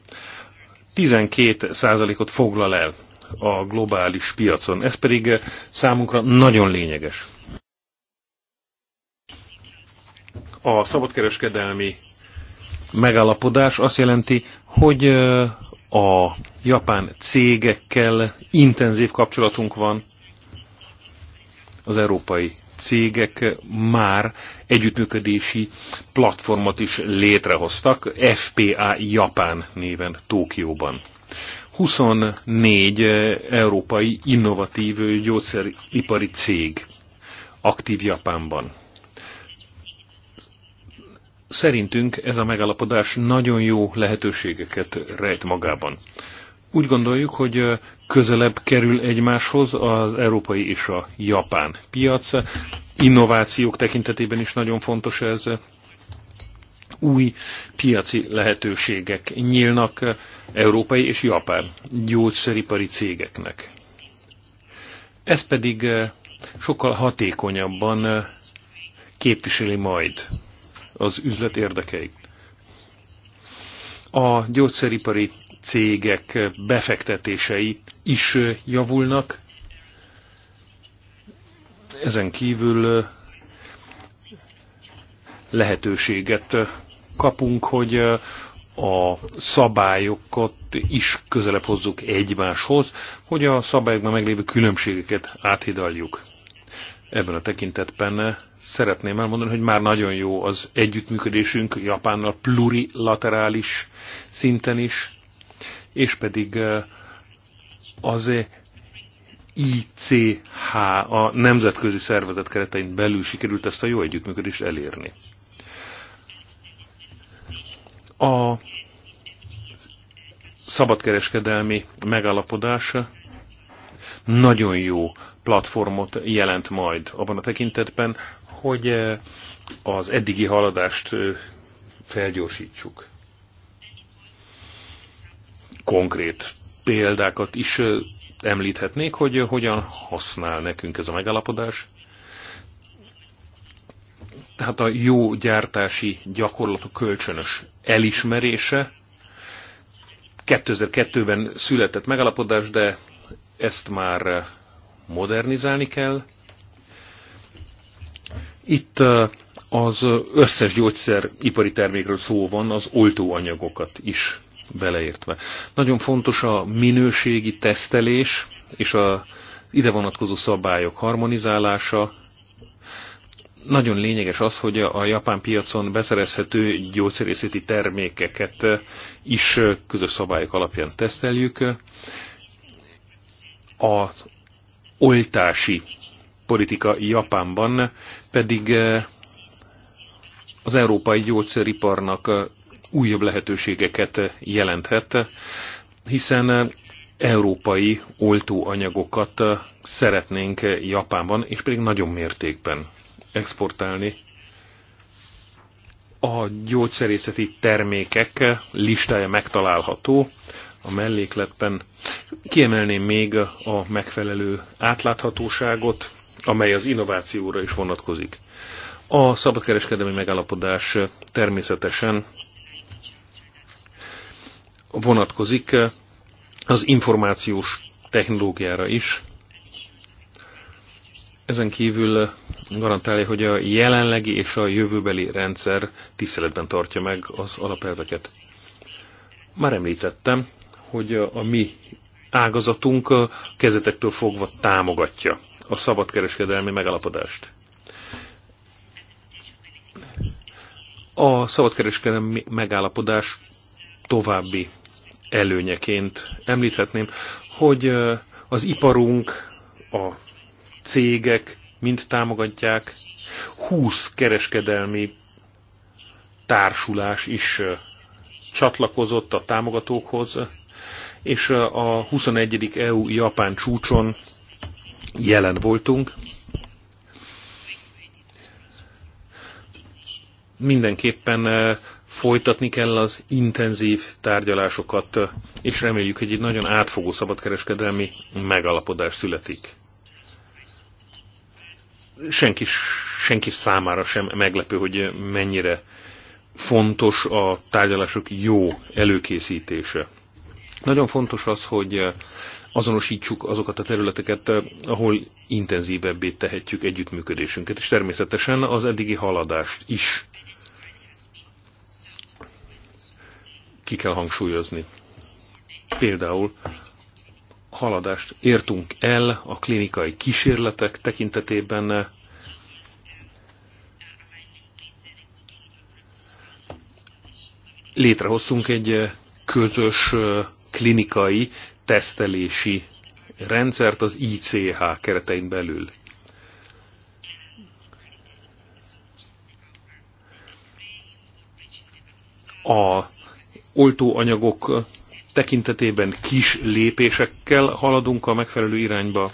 12%-ot foglal el a globális piacon. Ez pedig eh, számunkra nagyon lényeges. A szabadkereskedelmi megállapodás azt jelenti, hogy eh, a japán cégekkel intenzív kapcsolatunk van, az európai cégek már együttműködési platformot is létrehoztak, FPA Japán néven Tókióban. 24 eh, európai innovatív eh, gyógyszeripari cég aktív Japánban. Szerintünk ez a megállapodás nagyon jó lehetőségeket rejt magában. Úgy gondoljuk, hogy eh, közelebb kerül egymáshoz az európai és a japán piac. Innovációk tekintetében is nagyon fontos ez, új piaci lehetőségek nyílnak európai és japán gyógyszeripari cégeknek. Ez pedig eh, sokkal hatékonyabban eh, képviseli majd az üzlet érdekeit. A gyógyszeripari cégek befektetései is eh, javulnak, ezen kívül lehetőséget kapunk, hogy a szabályokat is közelebb hozzuk egymáshoz, hogy a szabályokban meglévő különbségeket áthidaljuk. Ebben a tekintetben szeretném elmondani, hogy már nagyon jó az együttműködésünk Japánnal plurilaterális szinten is, és pedig az ICH, a nemzetközi szervezet keretein belül sikerült ezt a jó együttműködést elérni. A szabadkereskedelmi megállapodása nagyon jó platformot jelent majd abban a tekintetben, hogy az eddigi haladást felgyorsítsuk. Konkrét példákat is említhetnék, hogy hogyan használ nekünk ez a megállapodás tehát a jó gyártási gyakorlatok kölcsönös elismerése. 2002-ben született megalapodás, de ezt már modernizálni kell. Itt az összes gyógyszeripari termékről szó van, az oltóanyagokat is beleértve. Nagyon fontos a minőségi tesztelés és a ide vonatkozó szabályok harmonizálása, nagyon lényeges az, hogy a japán piacon beszerezhető gyógyszerészeti termékeket eh, is eh, közös szabályok alapján teszteljük. Az oltási politika Japánban pedig eh, az európai gyógyszeriparnak újabb lehetőségeket jelenthet, hiszen európai oltóanyagokat szeretnénk Japánban, és pedig nagyon mértékben exportálni a gyógyszerészeti termékek listája megtalálható a mellékletben. Kiemelném még a megfelelő átláthatóságot, amely az innovációra is vonatkozik. A szabadkereskedelmi megállapodás természetesen vonatkozik az információs technológiára is, ezen kívül eh, garantálja, hogy a jelenlegi és a jövőbeli rendszer tiszteletben tartja meg az alapelveket. Már említettem, hogy a mi ágazatunk eh, kezetektől fogva támogatja a szabadkereskedelmi megalapodást. A szabadkereskedelmi megállapodás további előnyeként említhetném, hogy eh, az iparunk, a cégek mind támogatják, 20 kereskedelmi társulás is csatlakozott a támogatókhoz, és a 21. EU-Japán csúcson jelen voltunk. Mindenképpen folytatni kell az intenzív tárgyalásokat, és reméljük, hogy egy nagyon átfogó szabadkereskedelmi megalapodás születik senki, senki számára sem meglepő, hogy mennyire fontos a tárgyalások jó előkészítése. Nagyon fontos az, hogy azonosítsuk azokat a területeket, ahol intenzívebbé tehetjük együttműködésünket, és természetesen az eddigi haladást is ki kell hangsúlyozni. Például haladást értünk el a klinikai kísérletek tekintetében. Létrehoztunk egy eh, közös eh, klinikai tesztelési rendszert az ICH keretein belül. A oltóanyagok tekintetében kis lépésekkel haladunk a megfelelő irányba,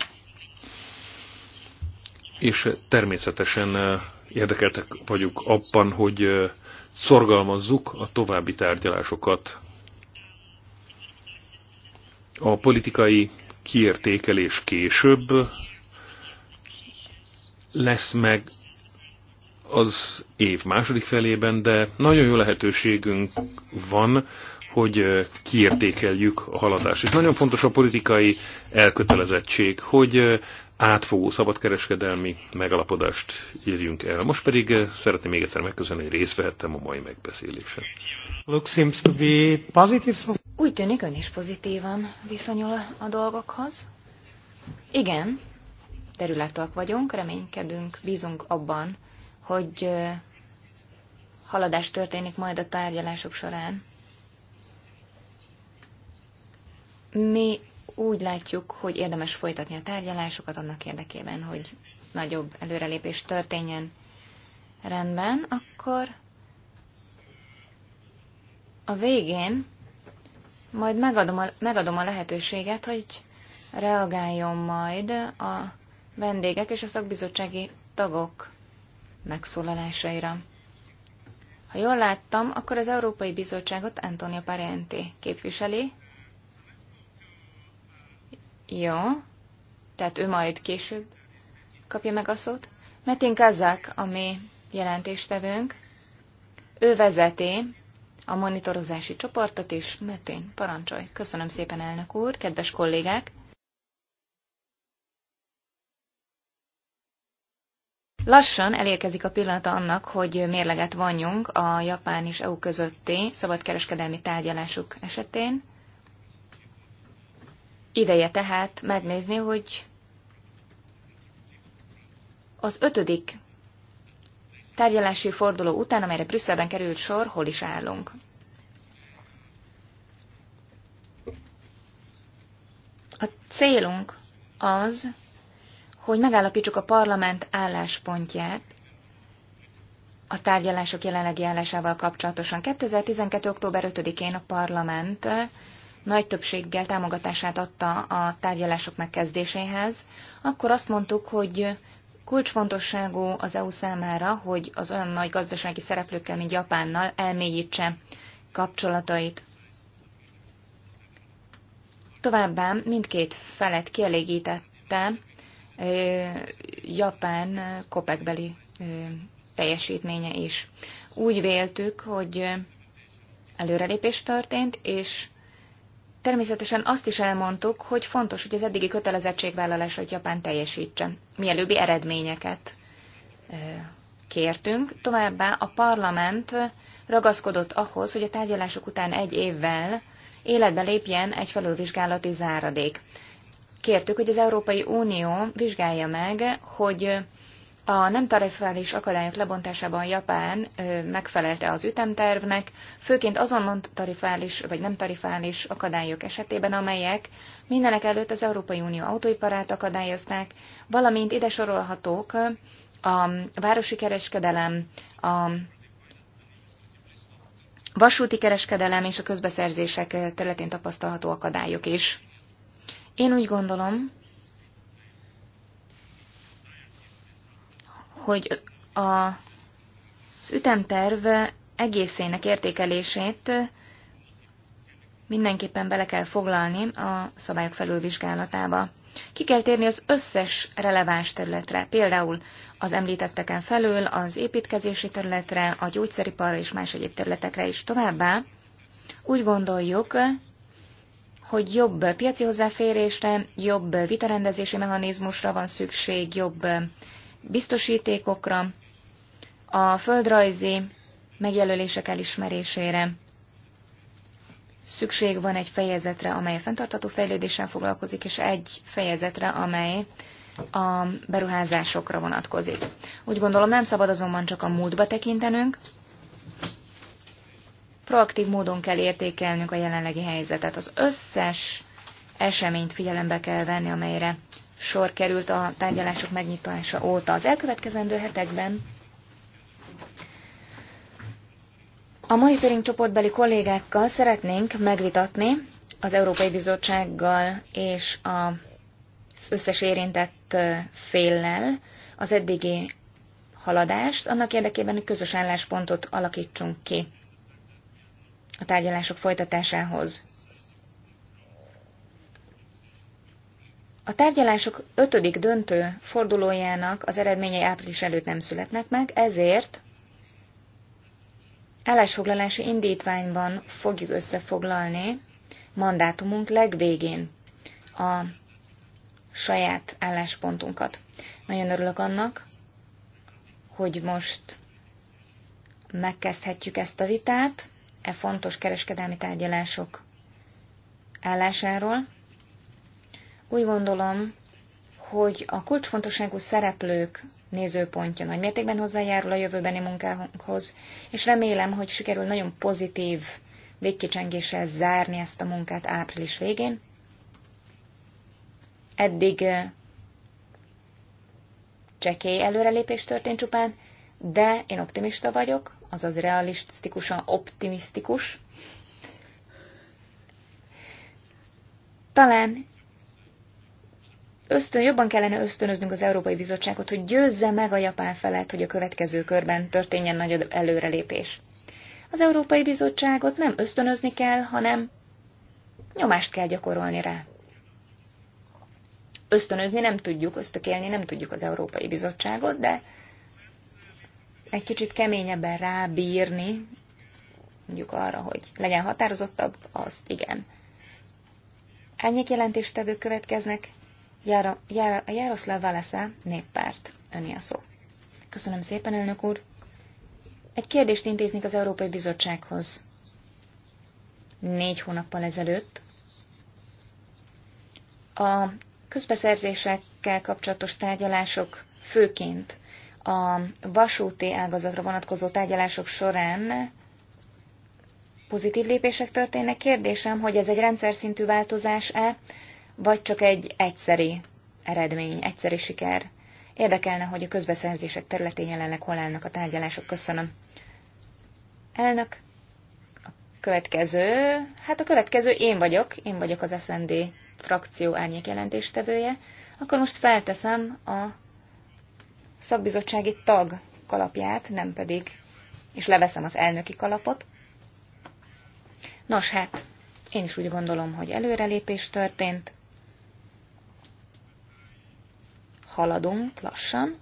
és természetesen eh, érdekeltek vagyunk abban, hogy eh, szorgalmazzuk a további tárgyalásokat. A politikai kiértékelés később lesz meg az év második felében, de nagyon jó lehetőségünk van hogy kiértékeljük a haladást. És nagyon fontos a politikai elkötelezettség, hogy átfogó szabadkereskedelmi megalapodást írjunk el. Most pedig szeretném még egyszer megköszönni, hogy részt vehettem a mai megbeszélésen. Look seems to be positive. So... Úgy tűnik, ön is pozitívan viszonyul a dolgokhoz. Igen, területek vagyunk, reménykedünk, bízunk abban, hogy haladás történik majd a tárgyalások során. Mi úgy látjuk, hogy érdemes folytatni a tárgyalásokat annak érdekében, hogy nagyobb előrelépés történjen. Rendben, akkor a végén majd megadom a, megadom a lehetőséget, hogy reagáljon majd a vendégek és a szakbizottsági tagok megszólalásaira. Ha jól láttam, akkor az Európai Bizottságot Antonia Parenti képviseli, jó, tehát ő majd később kapja meg a szót. Metin Kazak, a mi jelentéstevőnk, ő vezeti a monitorozási csoportot is. Metin, parancsolj. Köszönöm szépen, elnök úr, kedves kollégák! Lassan elérkezik a pillanata annak, hogy mérleget vonjunk a Japán és EU közötti szabadkereskedelmi tárgyalásuk esetén. Ideje tehát megnézni, hogy az ötödik tárgyalási forduló után, amelyre Brüsszelben került sor, hol is állunk. A célunk az, hogy megállapítsuk a parlament álláspontját a tárgyalások jelenlegi állásával kapcsolatosan. 2012. október 5-én a parlament nagy többséggel támogatását adta a tárgyalások megkezdéséhez, akkor azt mondtuk, hogy kulcsfontosságú az EU számára, hogy az olyan nagy gazdasági szereplőkkel, mint Japánnal elmélyítse kapcsolatait. Továbbá mindkét felet kielégítette Japán kopekbeli teljesítménye is. Úgy véltük, hogy előrelépés történt, és Természetesen azt is elmondtuk, hogy fontos, hogy az eddigi kötelezettségvállalásait Japán teljesítse. Mielőbbi eredményeket kértünk. Továbbá a parlament ragaszkodott ahhoz, hogy a tárgyalások után egy évvel életbe lépjen egy felülvizsgálati záradék. Kértük, hogy az Európai Unió vizsgálja meg, hogy a nem tarifális akadályok lebontásában Japán megfelelte az ütemtervnek, főként azon non tarifális vagy nem tarifális akadályok esetében, amelyek mindenek előtt az Európai Unió autóiparát akadályozták, valamint ide sorolhatók a városi kereskedelem, a vasúti kereskedelem és a közbeszerzések területén tapasztalható akadályok is. Én úgy gondolom, hogy a, az ütemterv egészének értékelését mindenképpen bele kell foglalni a szabályok felülvizsgálatába. Ki kell térni az összes releváns területre, például az említetteken felül az építkezési területre, a gyógyszeriparra és más egyéb területekre is továbbá. Úgy gondoljuk, hogy jobb piaci hozzáférésre, jobb vitarendezési mechanizmusra van szükség, jobb biztosítékokra, a földrajzi megjelölések elismerésére. Szükség van egy fejezetre, amely a fenntartható fejlődéssel foglalkozik, és egy fejezetre, amely a beruházásokra vonatkozik. Úgy gondolom nem szabad azonban csak a múltba tekintenünk, proaktív módon kell értékelnünk a jelenlegi helyzetet. Az összes eseményt figyelembe kell venni, amelyre sor került a tárgyalások megnyitása óta. Az elkövetkezendő hetekben a monitoring csoportbeli kollégákkal szeretnénk megvitatni az Európai Bizottsággal és az összes érintett féllel az eddigi haladást, annak érdekében, hogy közös álláspontot alakítsunk ki a tárgyalások folytatásához. A tárgyalások ötödik döntő fordulójának az eredményei április előtt nem születnek meg, ezért állásfoglalási indítványban fogjuk összefoglalni mandátumunk legvégén a saját álláspontunkat. Nagyon örülök annak, hogy most megkezdhetjük ezt a vitát e fontos kereskedelmi tárgyalások állásáról. Úgy gondolom, hogy a kulcsfontosságú szereplők nézőpontja nagy mértékben hozzájárul a jövőbeni munkához, és remélem, hogy sikerül nagyon pozitív végkicsengéssel zárni ezt a munkát április végén. Eddig csekély előrelépés történt csupán, de én optimista vagyok, azaz realisztikusan optimisztikus. Talán ösztön, jobban kellene ösztönöznünk az Európai Bizottságot, hogy győzze meg a japán felet, hogy a következő körben történjen nagy előrelépés. Az Európai Bizottságot nem ösztönözni kell, hanem nyomást kell gyakorolni rá. Ösztönözni nem tudjuk, ösztökélni nem tudjuk az Európai Bizottságot, de egy kicsit keményebben rábírni, mondjuk arra, hogy legyen határozottabb, azt igen. Ennyi jelentéstevők következnek, Jára, Jára, Jaroszláv Valesza, néppárt. Öni a szó. Köszönöm szépen, elnök úr. Egy kérdést intéznék az Európai Bizottsághoz. Négy hónappal ezelőtt a közbeszerzésekkel kapcsolatos tárgyalások főként a vasúti ágazatra vonatkozó tárgyalások során pozitív lépések történnek. Kérdésem, hogy ez egy rendszer szintű változás-e, vagy csak egy egyszeri eredmény, egyszeri siker. Érdekelne, hogy a közbeszerzések területén jelenleg hol állnak a tárgyalások. Köszönöm. Elnök, a következő, hát a következő én vagyok, én vagyok az SND frakció árnyék jelentéstevője. Akkor most felteszem a szakbizottsági tag kalapját, nem pedig, és leveszem az elnöki kalapot. Nos hát, én is úgy gondolom, hogy előrelépés történt. haladunk lassan,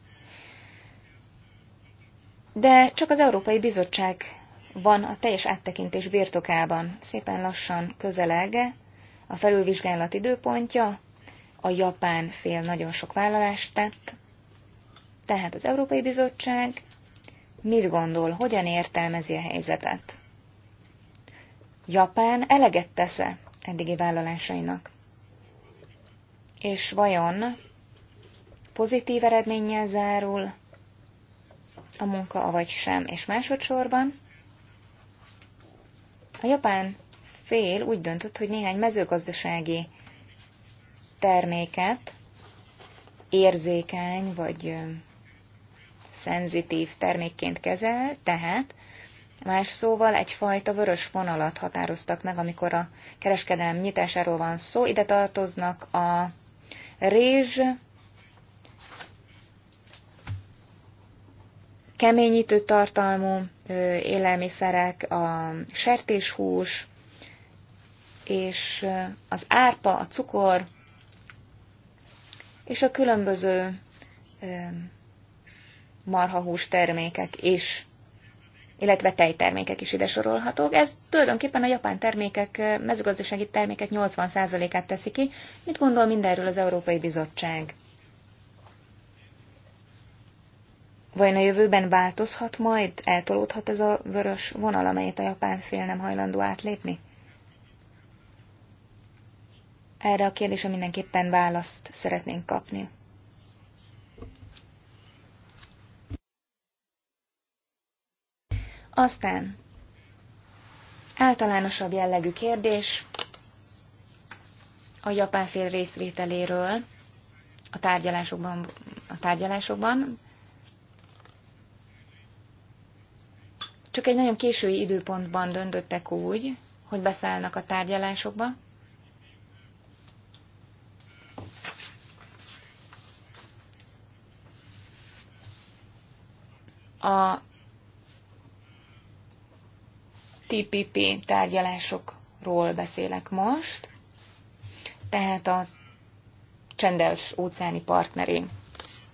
de csak az Európai Bizottság van a teljes áttekintés birtokában. Szépen lassan közelege a felülvizsgálat időpontja, a japán fél nagyon sok vállalást tett, tehát az Európai Bizottság mit gondol, hogyan értelmezi a helyzetet? Japán eleget tesz-e eddigi vállalásainak? És vajon pozitív eredménnyel zárul a munka, avagy sem. És másodszorban a japán fél úgy döntött, hogy néhány mezőgazdasági terméket, érzékeny vagy szenzitív termékként kezel, tehát más szóval egyfajta vörös vonalat határoztak meg, amikor a kereskedelem nyitásáról van szó. Ide tartoznak a rézs, keményítő tartalmú élelmiszerek, a sertéshús, és az árpa, a cukor, és a különböző marhahús termékek is, illetve tejtermékek is ide sorolhatók. Ez tulajdonképpen a japán termékek, mezőgazdasági termékek 80%-át teszi ki. Mit gondol mindenről az Európai Bizottság? Vajon a jövőben változhat majd, eltolódhat ez a vörös vonal, amelyet a japán fél nem hajlandó átlépni? Erre a kérdésre mindenképpen választ szeretnénk kapni. Aztán általánosabb jellegű kérdés a japán fél részvételéről a tárgyalásokban, a tárgyalásokban Csak egy nagyon késői időpontban döntöttek úgy, hogy beszállnak a tárgyalásokba. A TPP tárgyalásokról beszélek most, tehát a csendes óceáni partneri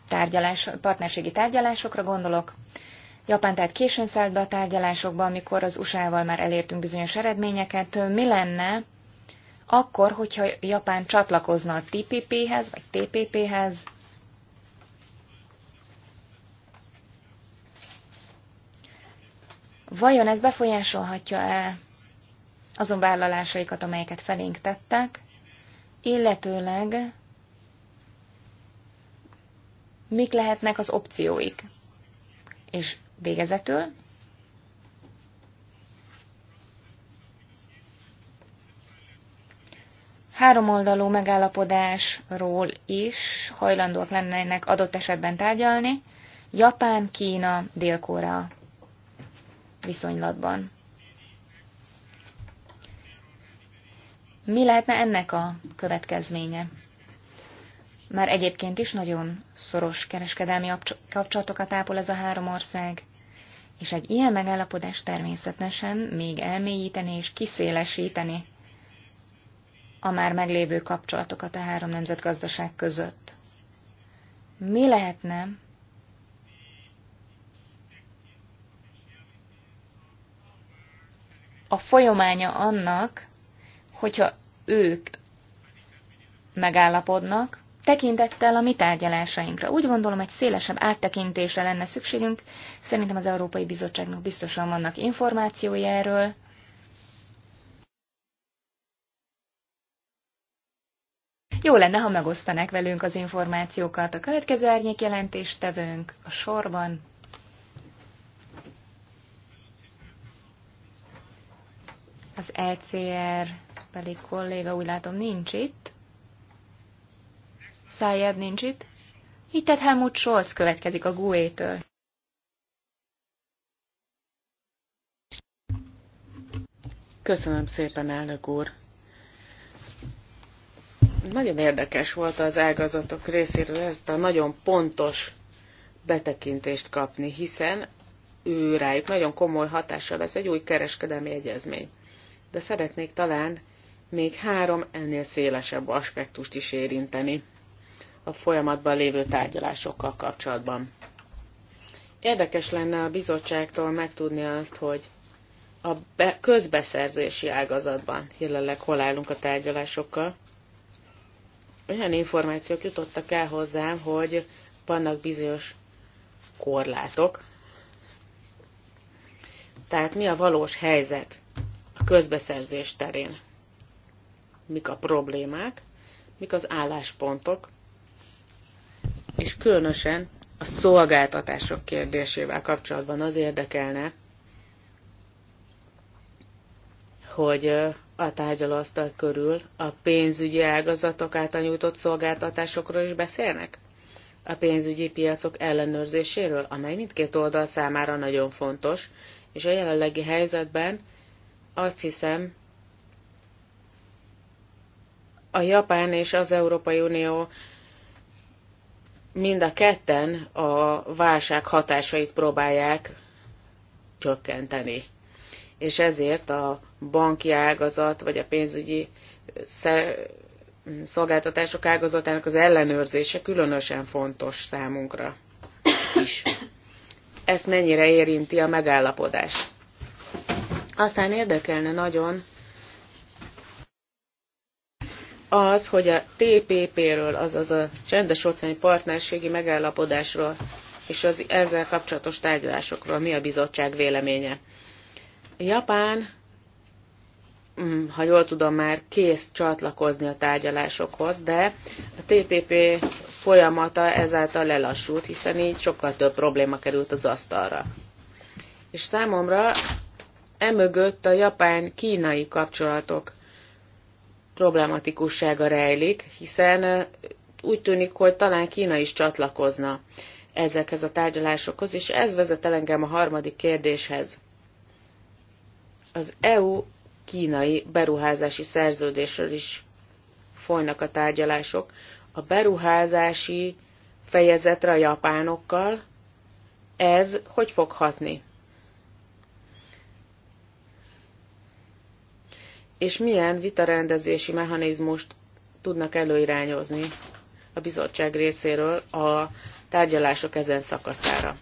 tárgyalás, partnerségi tárgyalásokra gondolok, Japán tehát későn szállt be a tárgyalásokba, amikor az USA-val már elértünk bizonyos eredményeket. Mi lenne akkor, hogyha Japán csatlakozna a TPP-hez, vagy TPP-hez? Vajon ez befolyásolhatja-e azon vállalásaikat, amelyeket felénk tettek, illetőleg mik lehetnek az opcióik? És Végezetül. Háromoldalú megállapodásról is hajlandóak lennének adott esetben tárgyalni Japán, Kína, Dél-Korea viszonylatban. Mi lehetne ennek a következménye? Már egyébként is nagyon szoros kereskedelmi kapcsolatokat ápol ez a három ország. És egy ilyen megállapodás természetesen még elmélyíteni és kiszélesíteni a már meglévő kapcsolatokat a három nemzetgazdaság között. Mi lehetne a folyamánya annak, hogyha ők megállapodnak, Tekintettel a mi tárgyalásainkra úgy gondolom, egy szélesebb áttekintésre lenne szükségünk. Szerintem az Európai Bizottságnak biztosan vannak információi erről. Jó lenne, ha megosztanák velünk az információkat. A következő árnyékjelentést jelentéstevőnk a sorban. Az ECR pedig kolléga úgy látom nincs itt. Szájed nincs itt. Így tehát Helmut Scholz következik a GUE-től. Köszönöm szépen, elnök úr. Nagyon érdekes volt az ágazatok részéről ezt a nagyon pontos betekintést kapni, hiszen ő rájuk nagyon komoly hatással lesz egy új kereskedelmi egyezmény. De szeretnék talán még három ennél szélesebb aspektust is érinteni a folyamatban lévő tárgyalásokkal kapcsolatban. Érdekes lenne a bizottságtól megtudni azt, hogy a közbeszerzési ágazatban jelenleg hol állunk a tárgyalásokkal. Olyan információk jutottak el hozzám, hogy vannak bizonyos korlátok. Tehát mi a valós helyzet a közbeszerzés terén? Mik a problémák? Mik az álláspontok? és különösen a szolgáltatások kérdésével kapcsolatban az érdekelne, hogy a tárgyalóasztal körül a pénzügyi ágazatok által nyújtott szolgáltatásokról is beszélnek? A pénzügyi piacok ellenőrzéséről, amely mindkét oldal számára nagyon fontos, és a jelenlegi helyzetben azt hiszem, a Japán és az Európai Unió mind a ketten a válság hatásait próbálják csökkenteni. És ezért a banki ágazat, vagy a pénzügyi szolgáltatások ágazatának az ellenőrzése különösen fontos számunkra is. Ezt mennyire érinti a megállapodás. Aztán érdekelne nagyon, az, hogy a TPP-ről, azaz a csendes óceáni partnerségi megállapodásról és az ezzel kapcsolatos tárgyalásokról mi a bizottság véleménye. Japán, mm, ha jól tudom, már kész csatlakozni a tárgyalásokhoz, de a TPP folyamata ezáltal lelassult, hiszen így sokkal több probléma került az asztalra. És számomra emögött a japán-kínai kapcsolatok problematikussága rejlik, hiszen úgy tűnik, hogy talán Kína is csatlakozna ezekhez a tárgyalásokhoz, és ez vezet el engem a harmadik kérdéshez. Az EU-kínai beruházási szerződésről is folynak a tárgyalások. A beruházási fejezetre a japánokkal ez hogy fog hatni? és milyen vitarendezési mechanizmust tudnak előirányozni a bizottság részéről a tárgyalások ezen szakaszára.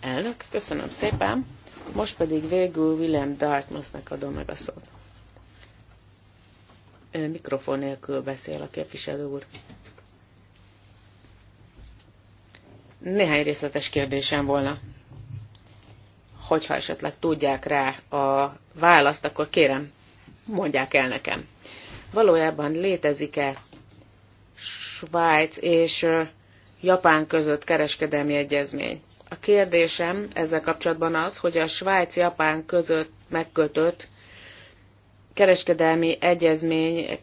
Elnök, köszönöm szépen, most pedig végül Willem Dartmouthnak adom meg a szót. Mikrofon nélkül beszél a képviselő úr. Néhány részletes kérdésem volna. Hogyha esetleg tudják rá a választ, akkor kérem, mondják el nekem. Valójában létezik-e Svájc és Japán között kereskedelmi egyezmény? A kérdésem ezzel kapcsolatban az, hogy a Svájc-Japán között megkötött kereskedelmi egyezmény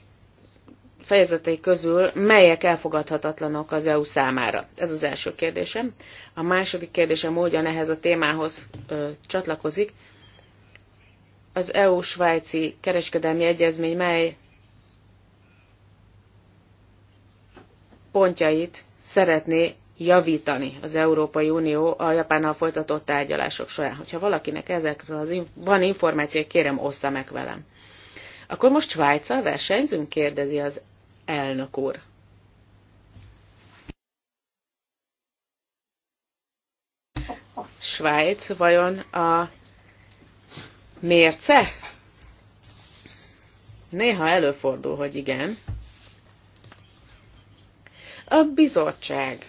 fejezetei közül melyek elfogadhatatlanok az EU számára? Ez az első kérdésem. A második kérdésem ehhez a témához ö, csatlakozik az EU-svájci kereskedelmi egyezmény mely pontjait szeretné javítani az Európai Unió a Japánnal folytatott tárgyalások során. Hogyha valakinek ezekről az in- van információ, kérem, ossza meg velem. Akkor most Svájca versenyzünk? kérdezi az elnök úr. Svájc vajon a mérce? Néha előfordul, hogy igen. A bizottság.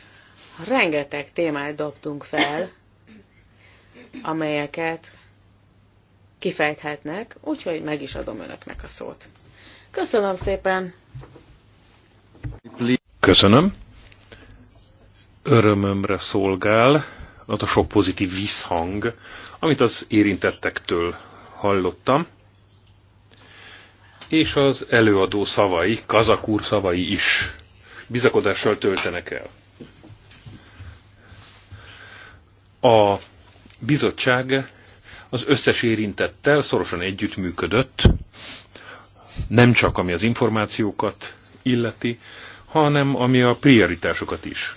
Rengeteg témát dobtunk fel, amelyeket kifejthetnek, úgyhogy meg is adom önöknek a szót. Köszönöm szépen! Köszönöm! Örömömre szolgál az a sok pozitív visszhang, amit az érintettektől hallottam, és az előadó szavai, kazakúr szavai is bizakodással töltenek el. A bizottság az összes érintettel szorosan együttműködött, nem csak ami az információkat illeti, hanem ami a prioritásokat is.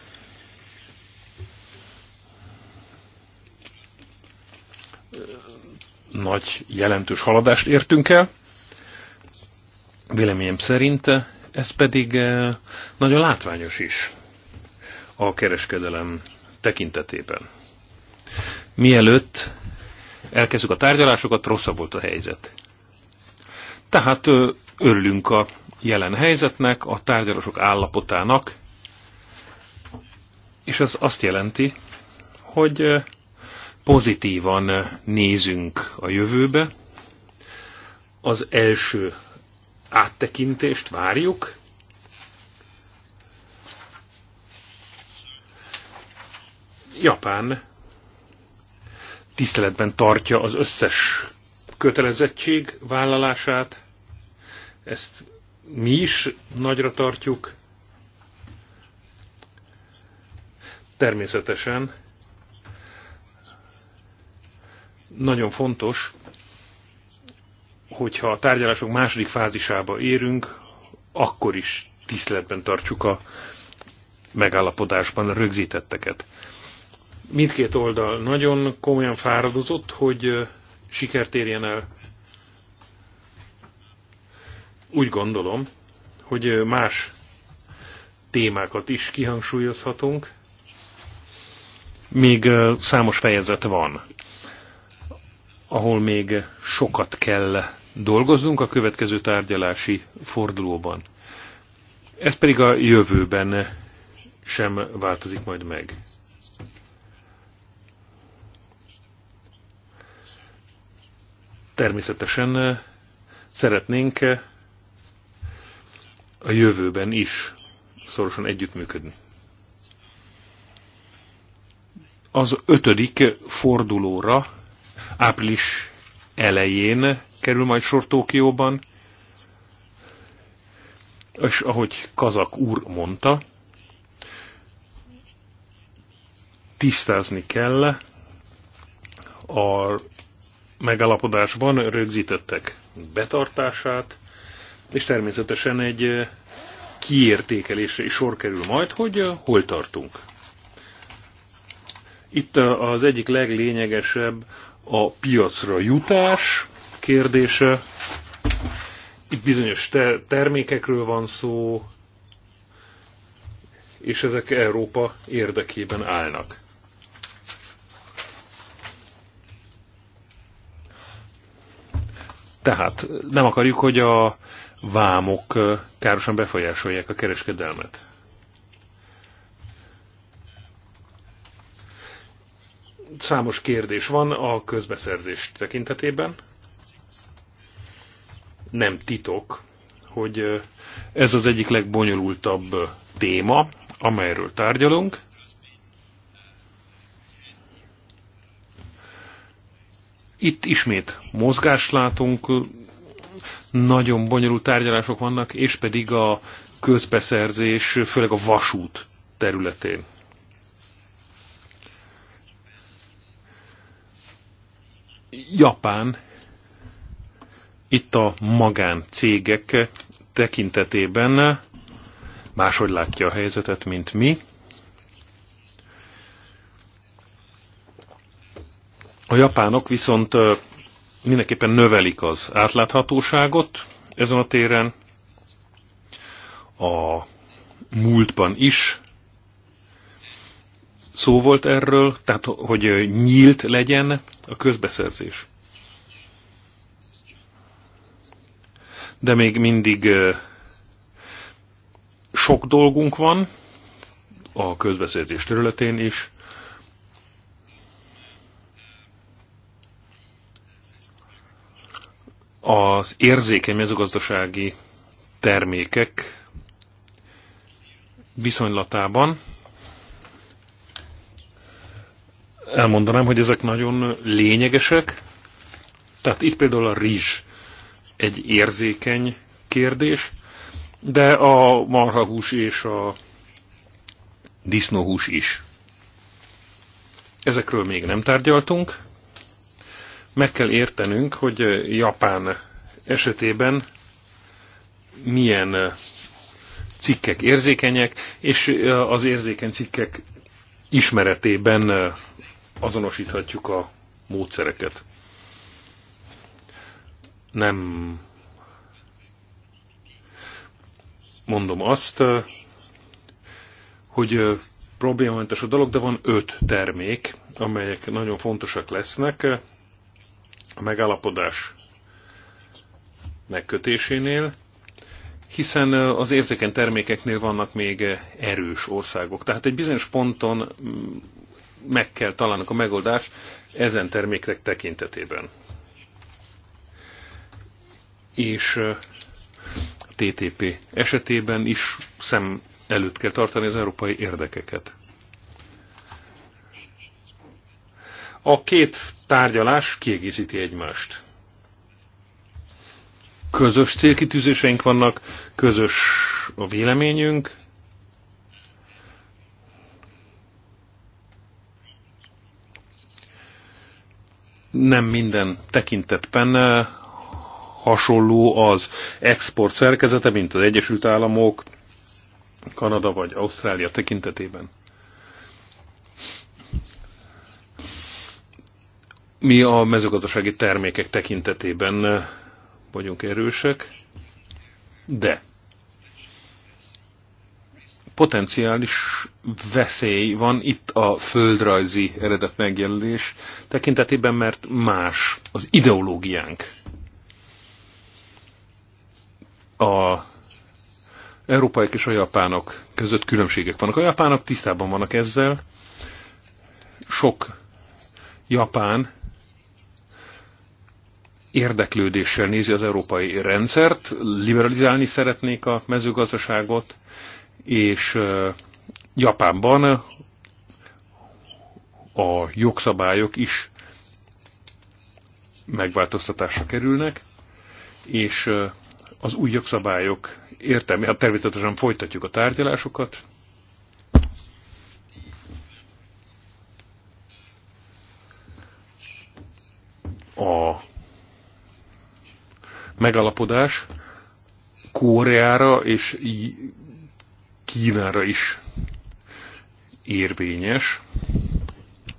nagy jelentős haladást értünk el. Véleményem szerint ez pedig eh, nagyon látványos is a kereskedelem tekintetében. Mielőtt elkezdjük a tárgyalásokat, rosszabb volt a helyzet. Tehát eh, örülünk a jelen helyzetnek, a tárgyalások állapotának, és ez azt jelenti, hogy eh, pozitívan nézünk a jövőbe. Az első áttekintést várjuk. Japán tiszteletben tartja az összes kötelezettség vállalását, ezt mi is nagyra tartjuk. Természetesen nagyon fontos, hogyha a tárgyalások második fázisába érünk, akkor is tiszteletben tartsuk a megállapodásban rögzítetteket. Mindkét oldal nagyon komolyan fáradozott, hogy sikert érjen el. Úgy gondolom, hogy más témákat is kihangsúlyozhatunk, még számos fejezet van ahol még sokat kell dolgoznunk a következő tárgyalási fordulóban. Ez pedig a jövőben sem változik majd meg. Természetesen szeretnénk a jövőben is szorosan együttműködni. Az ötödik fordulóra április elején kerül majd sor Tókióban, és ahogy Kazak úr mondta, tisztázni kell a megalapodásban rögzítettek betartását, és természetesen egy kiértékelésre is sor kerül majd, hogy hol tartunk. Itt az egyik leglényegesebb a piacra jutás kérdése. Itt bizonyos ter termékekről van szó, és ezek Európa érdekében állnak. Tehát nem akarjuk, hogy a vámok károsan befolyásolják a kereskedelmet. Számos kérdés van a közbeszerzés tekintetében. Nem titok, hogy ez az egyik legbonyolultabb téma, amelyről tárgyalunk. Itt ismét mozgást látunk, nagyon bonyolult tárgyalások vannak, és pedig a közbeszerzés, főleg a vasút területén. Japán itt a magáncégek tekintetében máshogy látja a helyzetet, mint mi. A japánok viszont mindenképpen növelik az átláthatóságot ezen a téren, a múltban is szó volt erről, tehát hogy nyílt legyen a közbeszerzés. De még mindig sok dolgunk van a közbeszerzés területén is. Az érzékeny mezőgazdasági termékek viszonylatában elmondanám, hogy ezek nagyon lényegesek. Tehát itt például a rizs egy érzékeny kérdés, de a marhahús és a disznóhús is. Ezekről még nem tárgyaltunk. Meg kell értenünk, hogy Japán esetében milyen cikkek érzékenyek, és az érzékeny cikkek ismeretében azonosíthatjuk a módszereket. Nem mondom azt, hogy problémamentes a dolog, de van öt termék, amelyek nagyon fontosak lesznek a megállapodás megkötésénél, hiszen az érzékeny termékeknél vannak még erős országok. Tehát egy bizonyos ponton meg kell találnunk a megoldást ezen termékek tekintetében. És TTP esetében is szem előtt kell tartani az európai érdekeket. A két tárgyalás kiegészíti egymást. Közös célkitűzéseink vannak, közös a véleményünk, nem minden tekintetben hasonló az export szerkezete, mint az Egyesült Államok, Kanada vagy Ausztrália tekintetében. Mi a mezőgazdasági termékek tekintetében vagyunk erősek, de potenciális veszély van itt a földrajzi eredet megjelölés tekintetében, mert más az ideológiánk. A európaiak és a japánok között különbségek vannak. A japánok tisztában vannak ezzel. Sok japán érdeklődéssel nézi az európai rendszert, liberalizálni szeretnék a mezőgazdaságot, és Japánban a jogszabályok is megváltoztatásra kerülnek, és az új jogszabályok értem, hát természetesen folytatjuk a tárgyalásokat, a megalapodás Kóreára és Kínára is érvényes,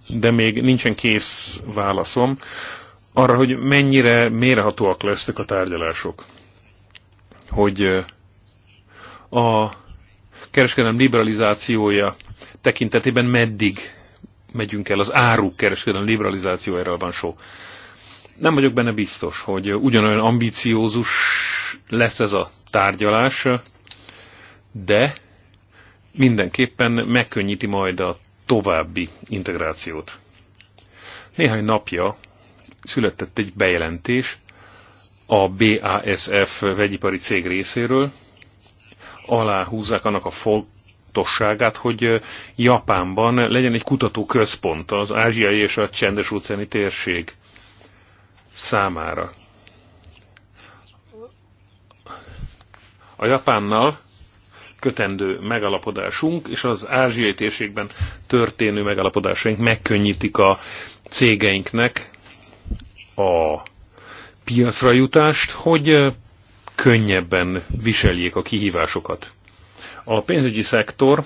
de még nincsen kész válaszom arra, hogy mennyire mérehatóak lesznek a tárgyalások. Hogy a kereskedelem liberalizációja tekintetében meddig megyünk el, az áruk kereskedelem liberalizációjára van szó. Nem vagyok benne biztos, hogy ugyanolyan ambiciózus lesz ez a tárgyalás, de mindenképpen megkönnyíti majd a további integrációt. Néhány napja született egy bejelentés a BASF vegyipari cég részéről, aláhúzzák annak a fontosságát, hogy Japánban legyen egy kutatóközpont az ázsiai és a csendes óceáni térség számára. A Japánnal kötendő megalapodásunk és az ázsiai térségben történő megalapodásaink megkönnyítik a cégeinknek a piacra jutást, hogy könnyebben viseljék a kihívásokat. A pénzügyi szektor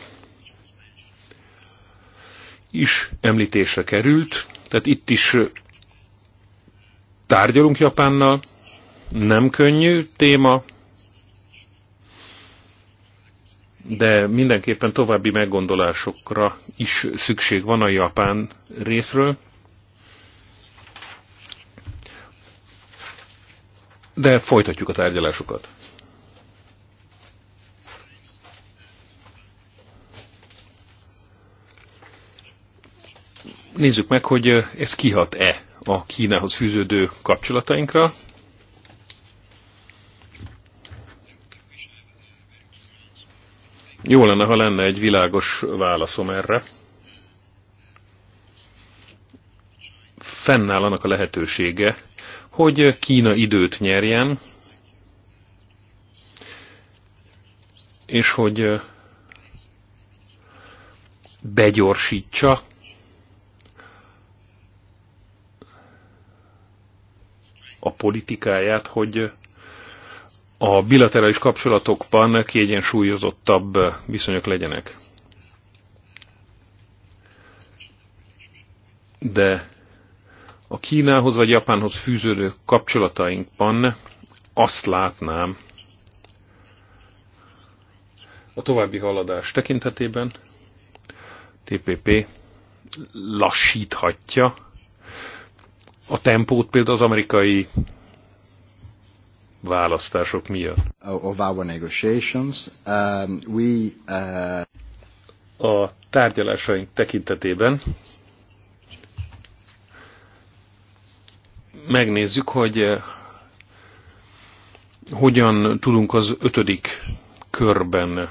is említésre került, tehát itt is tárgyalunk Japánnal, nem könnyű téma, de mindenképpen további meggondolásokra is szükség van a japán részről. De folytatjuk a tárgyalásokat. Nézzük meg, hogy ez kihat-e a Kínához fűződő kapcsolatainkra, Jó lenne, ha lenne egy világos válaszom erre. Fennáll annak a lehetősége, hogy Kína időt nyerjen, és hogy begyorsítsa a politikáját, hogy a bilaterális kapcsolatokban kiegyensúlyozottabb viszonyok legyenek. De a Kínához vagy Japánhoz fűződő kapcsolatainkban azt látnám a további haladás tekintetében, TPP lassíthatja a tempót például az amerikai választások miatt. Of our negotiations, um, we, uh... A tárgyalásaink tekintetében megnézzük, hogy uh, hogyan tudunk az ötödik körben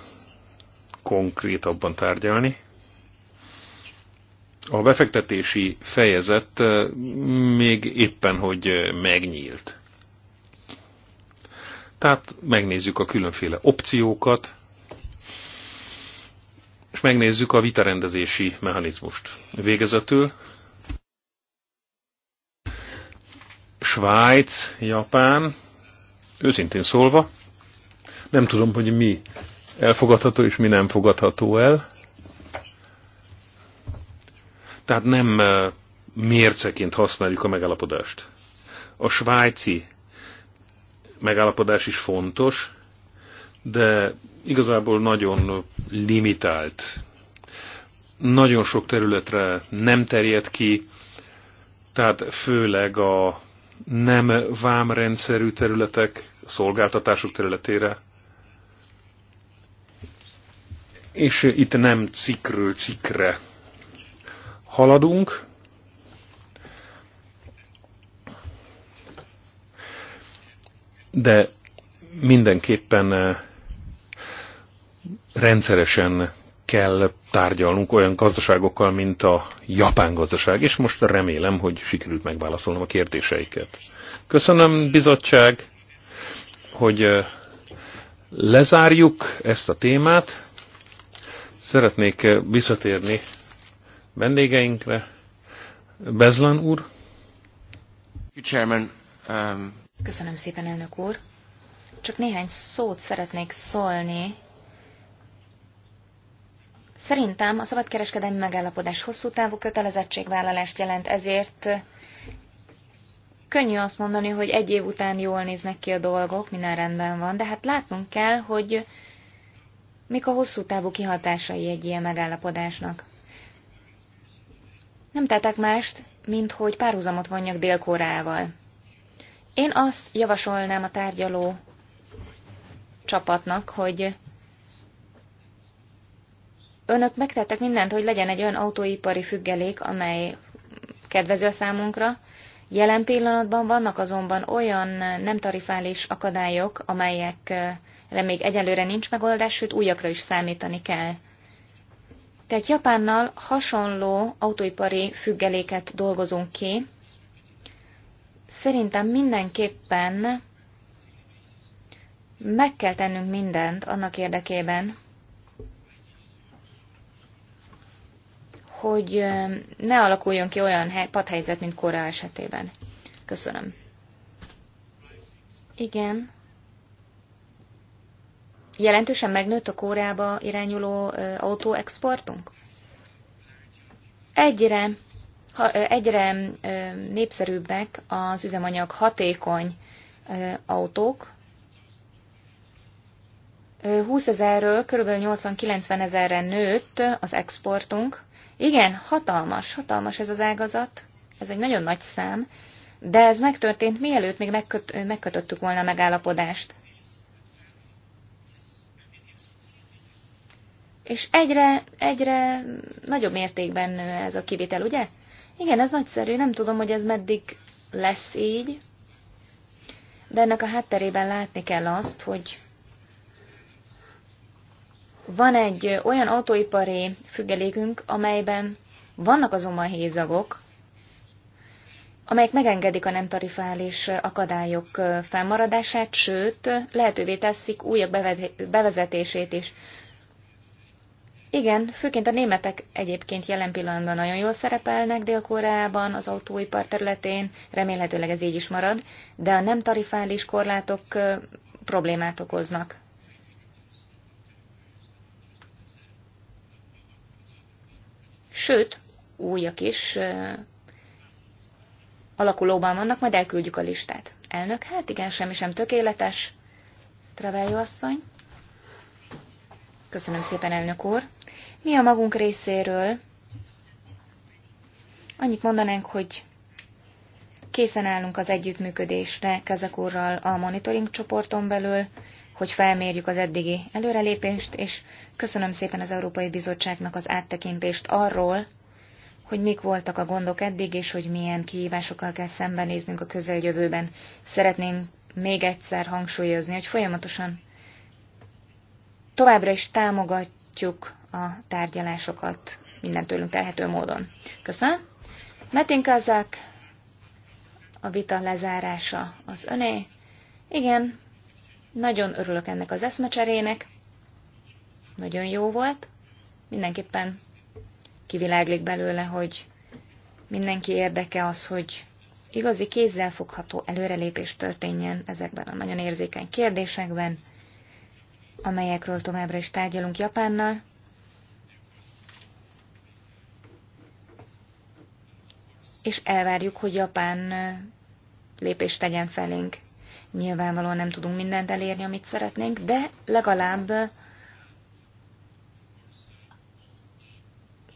konkrétabban tárgyalni. A befektetési fejezet uh, még éppen, hogy uh, megnyílt. Tehát megnézzük a különféle opciókat, és megnézzük a vitarendezési mechanizmust. Végezetül Svájc, Japán, őszintén szólva, nem tudom, hogy mi elfogadható és mi nem fogadható el. Tehát nem eh, mérceként használjuk a megállapodást. A svájci megállapodás is fontos, de igazából nagyon limitált. Nagyon sok területre nem terjed ki, tehát főleg a nem vámrendszerű területek, szolgáltatások területére. És itt nem cikről cikre haladunk, de mindenképpen eh, rendszeresen kell tárgyalnunk olyan gazdaságokkal, mint a japán gazdaság, és most remélem, hogy sikerült megválaszolnom a kérdéseiket. Köszönöm, bizottság, hogy eh, lezárjuk ezt a témát. Szeretnék eh, visszatérni vendégeinkre. Bezlan úr. Chairman, um... Köszönöm szépen, elnök úr. Csak néhány szót szeretnék szólni. Szerintem a szabadkereskedelmi megállapodás hosszú távú kötelezettségvállalást jelent, ezért könnyű azt mondani, hogy egy év után jól néznek ki a dolgok, minden rendben van, de hát látnunk kell, hogy mik a hosszú távú kihatásai egy ilyen megállapodásnak. Nem tettek mást, mint hogy párhuzamot vonjak Dél-Koreával. Én azt javasolnám a tárgyaló csapatnak, hogy önök megtettek mindent, hogy legyen egy olyan autóipari függelék, amely kedvező a számunkra. Jelen pillanatban vannak azonban olyan nem tarifális akadályok, amelyekre még egyelőre nincs megoldás, sőt újakra is számítani kell. Tehát Japánnal hasonló autóipari függeléket dolgozunk ki, Szerintem mindenképpen meg kell tennünk mindent annak érdekében, hogy ne alakuljon ki olyan padhelyzet, mint Korea esetében. Köszönöm. Igen. Jelentősen megnőtt a Kóreába irányuló autóexportunk? Egyre egyre népszerűbbek az üzemanyag hatékony autók. 20 ezerről kb. 80-90 ezerre nőtt az exportunk. Igen, hatalmas, hatalmas ez az ágazat, ez egy nagyon nagy szám, de ez megtörtént mielőtt még megköt, megkötöttük volna a megállapodást. És egyre, egyre nagyobb mértékben nő ez a kivitel, ugye? Igen, ez nagyszerű, nem tudom, hogy ez meddig lesz így, de ennek a hátterében látni kell azt, hogy van egy olyan autóipari függelékünk, amelyben vannak azonban hézagok, amelyek megengedik a nem tarifális akadályok felmaradását, sőt, lehetővé teszik újak bevezetését is. Igen, főként a németek egyébként jelen pillanatban nagyon jól szerepelnek Dél-Koreában, az autóipar területén, remélhetőleg ez így is marad, de a nem tarifális korlátok problémát okoznak. Sőt, újak is alakulóban vannak, majd elküldjük a listát. Elnök, hát igen, semmi sem tökéletes. Traveljó asszony. Köszönöm szépen, elnök úr. Mi a magunk részéről annyit mondanánk, hogy készen állunk az együttműködésre Kezek a monitoring csoporton belül, hogy felmérjük az eddigi előrelépést, és köszönöm szépen az Európai Bizottságnak az áttekintést arról, hogy mik voltak a gondok eddig, és hogy milyen kihívásokkal kell szembenéznünk a közeljövőben. Szeretnénk még egyszer hangsúlyozni, hogy folyamatosan továbbra is támogat, folytatjuk a tárgyalásokat minden tőlünk telhető módon. Köszönöm. Metin Kazak, a vita lezárása az öné. Igen, nagyon örülök ennek az eszmecserének. Nagyon jó volt. Mindenképpen kiviláglik belőle, hogy mindenki érdeke az, hogy igazi kézzelfogható előrelépés történjen ezekben a nagyon érzékeny kérdésekben amelyekről továbbra is tárgyalunk Japánnal. És elvárjuk, hogy Japán lépést tegyen felénk. Nyilvánvalóan nem tudunk mindent elérni, amit szeretnénk, de legalább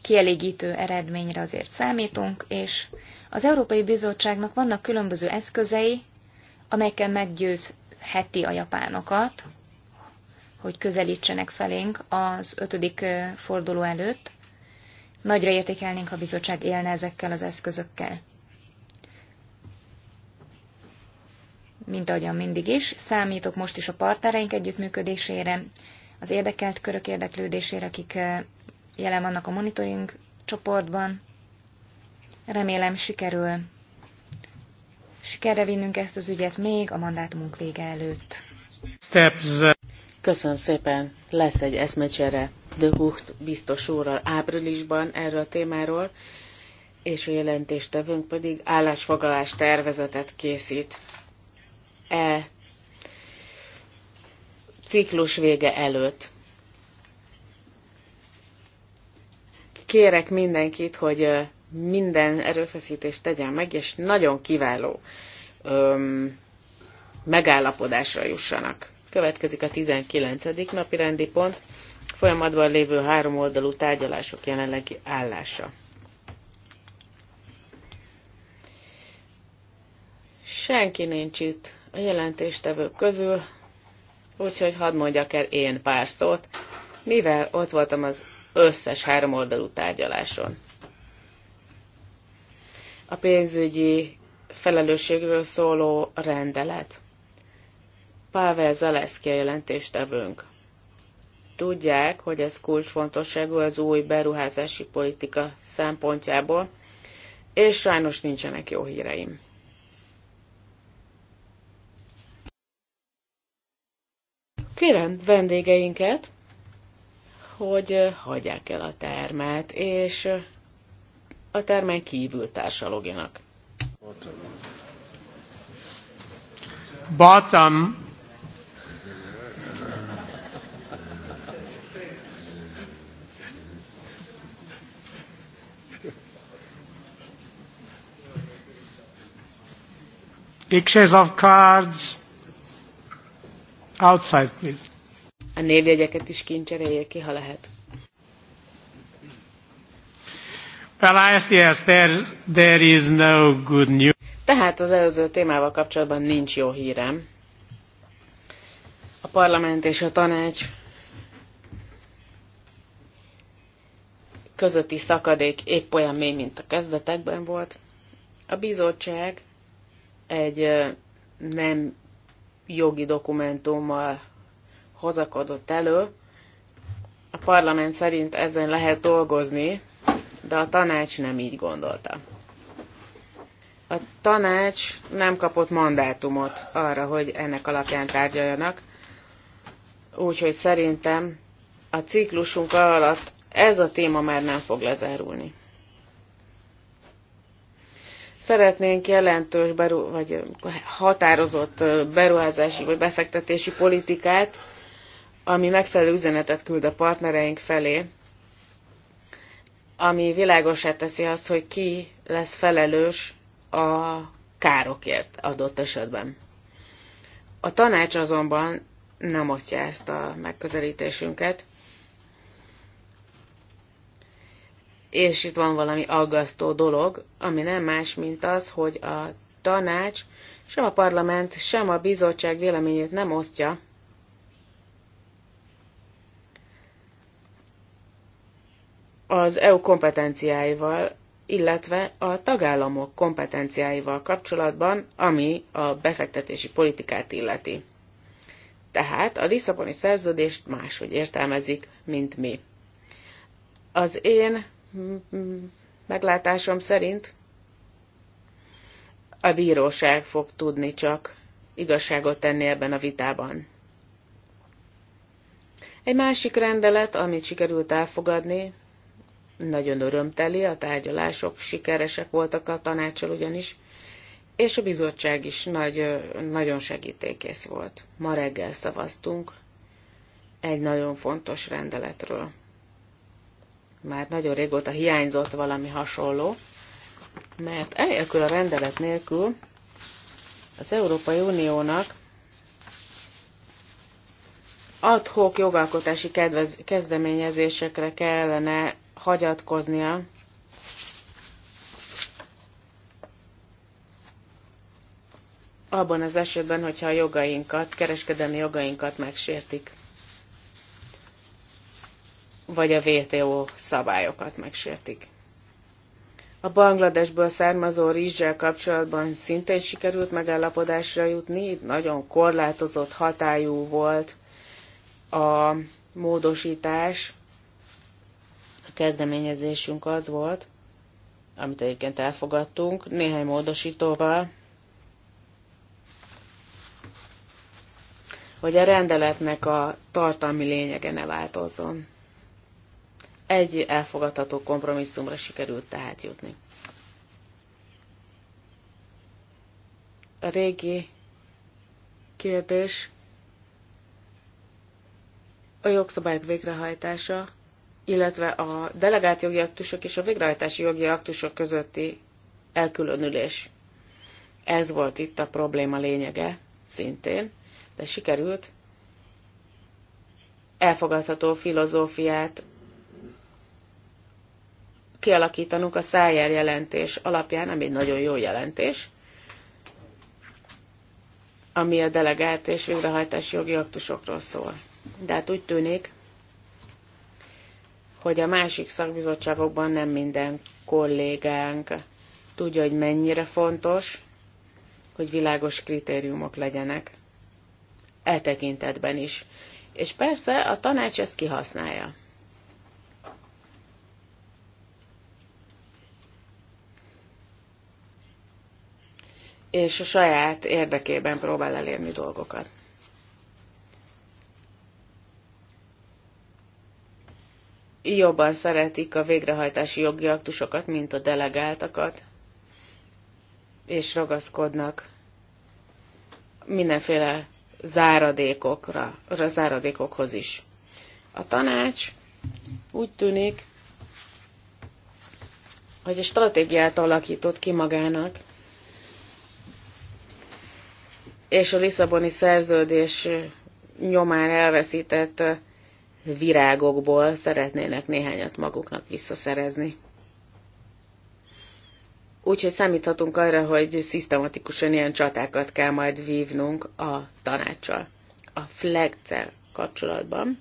kielégítő eredményre azért számítunk, és az Európai Bizottságnak vannak különböző eszközei, amelyekkel meggyőzheti a japánokat, hogy közelítsenek felénk az ötödik forduló előtt. Nagyra értékelnénk, ha a bizottság élne ezekkel az eszközökkel. Mint ahogyan mindig is, számítok most is a partnereink együttműködésére, az érdekelt körök érdeklődésére, akik jelen vannak a monitoring csoportban. Remélem sikerül sikerre vinnünk ezt az ügyet még a mandátumunk vége előtt. Steps. Köszönöm szépen. Lesz egy eszmecsere de Hucht biztos úrral áprilisban erről a témáról, és a jelentéstevőnk pedig állásfoglalás tervezetet készít. E ciklus vége előtt. Kérek mindenkit, hogy minden erőfeszítést tegyen meg, és nagyon kiváló öm, megállapodásra jussanak. Következik a 19. napi rendi pont, folyamatban lévő háromoldalú tárgyalások jelenlegi állása. Senki nincs itt a jelentéstevők közül, úgyhogy hadd mondjak el én pár szót, mivel ott voltam az összes háromoldalú tárgyaláson. A pénzügyi felelősségről szóló rendelet Pavel Zaleszki jelentést jelentéstevőnk. Tudják, hogy ez kulcsfontosságú az új beruházási politika szempontjából, és sajnos nincsenek jó híreim. Kérem vendégeinket, hogy hagyják el a termet, és a termen kívül társalogjanak. Bottom. Bottom. Pictures of cards. Outside, please. A névjegyeket is kincseréljék ki, ha lehet. Well, I asked, yes, there, there is no good news. Tehát az előző témával kapcsolatban nincs jó hírem. A parlament és a tanács közötti szakadék épp olyan mély, mint a kezdetekben volt. A bizottság egy nem jogi dokumentummal hozakodott elő. A parlament szerint ezen lehet dolgozni, de a tanács nem így gondolta. A tanács nem kapott mandátumot arra, hogy ennek alapján tárgyaljanak, úgyhogy szerintem a ciklusunk alatt ez a téma már nem fog lezárulni. Szeretnénk jelentős beru- vagy határozott beruházási vagy befektetési politikát, ami megfelelő üzenetet küld a partnereink felé, ami világosá teszi azt, hogy ki lesz felelős a károkért adott esetben. A tanács azonban nem osztja ezt a megközelítésünket, És itt van valami aggasztó dolog, ami nem más, mint az, hogy a tanács sem a parlament, sem a bizottság véleményét nem osztja. az EU kompetenciáival, illetve a tagállamok kompetenciáival kapcsolatban, ami a befektetési politikát illeti. Tehát a Lisszaboni szerződést máshogy értelmezik, mint mi. Az én meglátásom szerint a bíróság fog tudni csak igazságot tenni ebben a vitában. Egy másik rendelet, amit sikerült elfogadni, nagyon örömteli, a tárgyalások sikeresek voltak a tanácsal ugyanis, és a bizottság is nagy, nagyon segítékész volt. Ma reggel szavaztunk egy nagyon fontos rendeletről már nagyon régóta hiányzott valami hasonló, mert elélkül a rendelet nélkül az Európai Uniónak adhok jogalkotási kedvez, kezdeményezésekre kellene hagyatkoznia, abban az esetben, hogyha a jogainkat, kereskedelmi jogainkat megsértik vagy a WTO szabályokat megsértik. A Bangladesből származó rizssel kapcsolatban szintén sikerült megállapodásra jutni, nagyon korlátozott hatályú volt a módosítás. A kezdeményezésünk az volt, amit egyébként elfogadtunk, néhány módosítóval, hogy a rendeletnek a tartalmi lényege ne változzon egy elfogadható kompromisszumra sikerült tehát jutni. A régi kérdés a jogszabályok végrehajtása, illetve a delegált jogi aktusok és a végrehajtási jogi aktusok közötti elkülönülés. Ez volt itt a probléma lényege, szintén, de sikerült elfogadható filozófiát kialakítanunk a szájjel jelentés alapján, ami egy nagyon jó jelentés, ami a delegált és végrehajtási jogi aktusokról szól. De hát úgy tűnik, hogy a másik szakbizottságokban nem minden kollégánk tudja, hogy mennyire fontos, hogy világos kritériumok legyenek. E tekintetben is. És persze a tanács ezt kihasználja. és a saját érdekében próbál elérni dolgokat. Jobban szeretik a végrehajtási jogi aktusokat, mint a delegáltakat, és ragaszkodnak mindenféle záradékokra, a záradékokhoz is. A tanács úgy tűnik, hogy a stratégiát alakított ki magának, és a Lisszaboni szerződés nyomán elveszített virágokból szeretnének néhányat maguknak visszaszerezni. Úgyhogy számíthatunk arra, hogy szisztematikusan ilyen csatákat kell majd vívnunk a tanácssal. A flegcel kapcsolatban,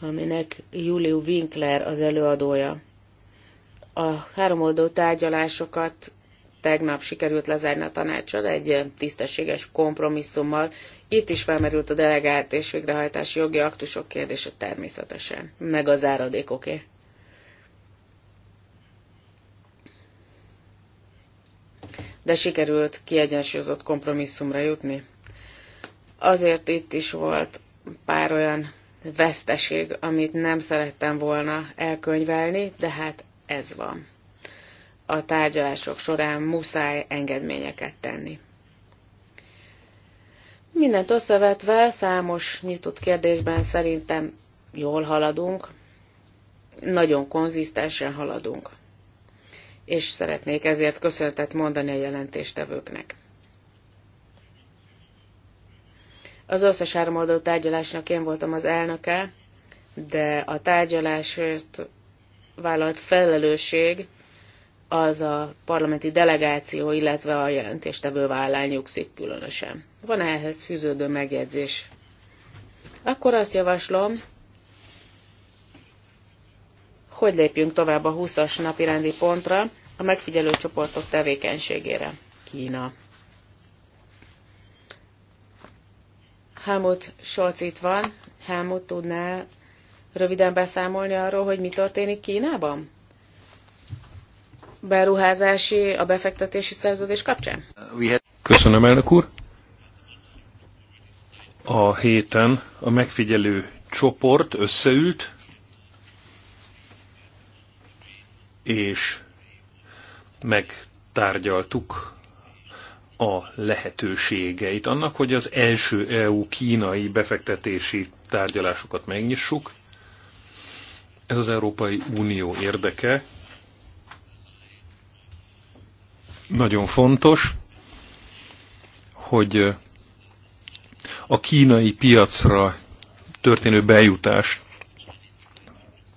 aminek Juliu Winkler az előadója. A háromoldó tárgyalásokat tegnap sikerült lezárni a tanácsot egy tisztességes kompromisszummal. Itt is felmerült a delegált és végrehajtási jogi aktusok kérdése természetesen, meg az Okay? De sikerült kiegyensúlyozott kompromisszumra jutni. Azért itt is volt pár olyan veszteség, amit nem szerettem volna elkönyvelni, de hát ez van a tárgyalások során muszáj engedményeket tenni. Mindent összevetve számos nyitott kérdésben szerintem jól haladunk, nagyon konzisztensen haladunk. És szeretnék ezért köszöntet mondani a jelentéstevőknek. Az összes háromoldó tárgyalásnak én voltam az elnöke, de a tárgyalásért vállalt felelősség az a parlamenti delegáció, illetve a jelentéstevő vállán nyugszik különösen. Van -e ehhez fűződő megjegyzés? Akkor azt javaslom, hogy lépjünk tovább a 20-as rendi pontra, a megfigyelő csoportok tevékenységére. Kína. Helmut Scholz itt van. Helmut, tudná röviden beszámolni arról, hogy mi történik Kínában? beruházási, a befektetési szerződés kapcsán? Köszönöm, elnök úr. A héten a megfigyelő csoport összeült, és megtárgyaltuk a lehetőségeit annak, hogy az első EU-kínai befektetési tárgyalásokat megnyissuk. Ez az Európai Unió érdeke, nagyon fontos, hogy a kínai piacra történő bejutást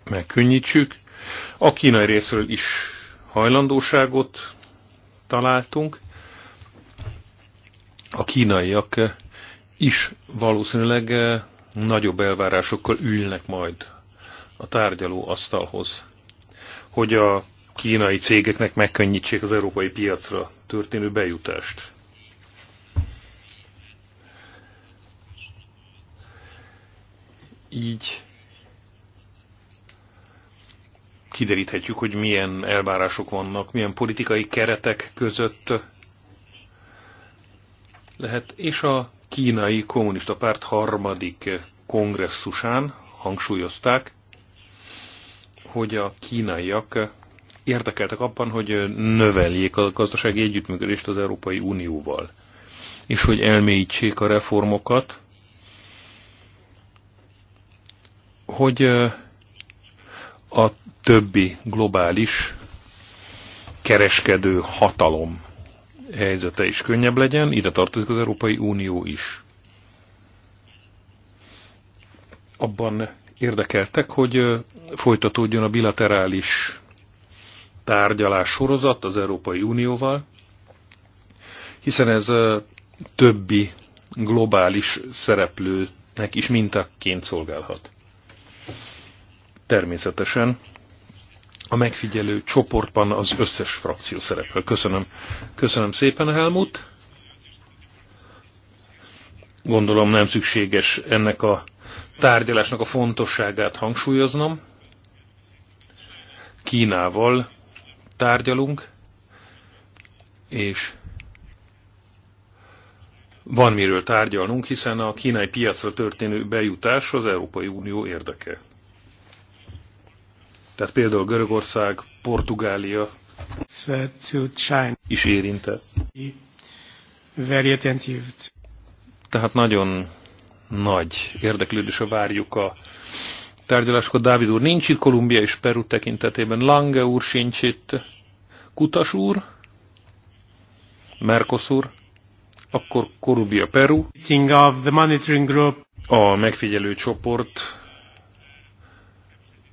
megkönnyítsük. A kínai részről is hajlandóságot találtunk. A kínaiak is valószínűleg nagyobb elvárásokkal ülnek majd a tárgyaló asztalhoz, hogy a kínai cégeknek megkönnyítsék az európai piacra történő bejutást. Így kideríthetjük, hogy milyen elvárások vannak, milyen politikai keretek között lehet, és a kínai kommunista párt harmadik kongresszusán hangsúlyozták, hogy a kínaiak érdekeltek abban, hogy növeljék a gazdasági együttműködést az Európai Unióval, és hogy elmélyítsék a reformokat, hogy a többi globális kereskedő hatalom helyzete is könnyebb legyen, ide tartozik az Európai Unió is. Abban érdekeltek, hogy folytatódjon a bilaterális tárgyalás sorozat az Európai Unióval, hiszen ez többi globális szereplőnek is mintaként szolgálhat. Természetesen a megfigyelő csoportban az összes frakció szerepel. Köszönöm. Köszönöm szépen, Helmut. Gondolom nem szükséges ennek a tárgyalásnak a fontosságát hangsúlyoznom. Kínával tárgyalunk, és van miről tárgyalnunk, hiszen a kínai piacra történő bejutás az Európai Unió érdeke. Tehát például Görögország, Portugália is érintett. Tehát nagyon nagy érdeklődésre várjuk a tárgyaláskor Dávid úr nincs itt, Kolumbia és Peru tekintetében Lange úr sincs itt, Kutas úr, Mercosur, akkor Kolumbia Peru, a megfigyelő csoport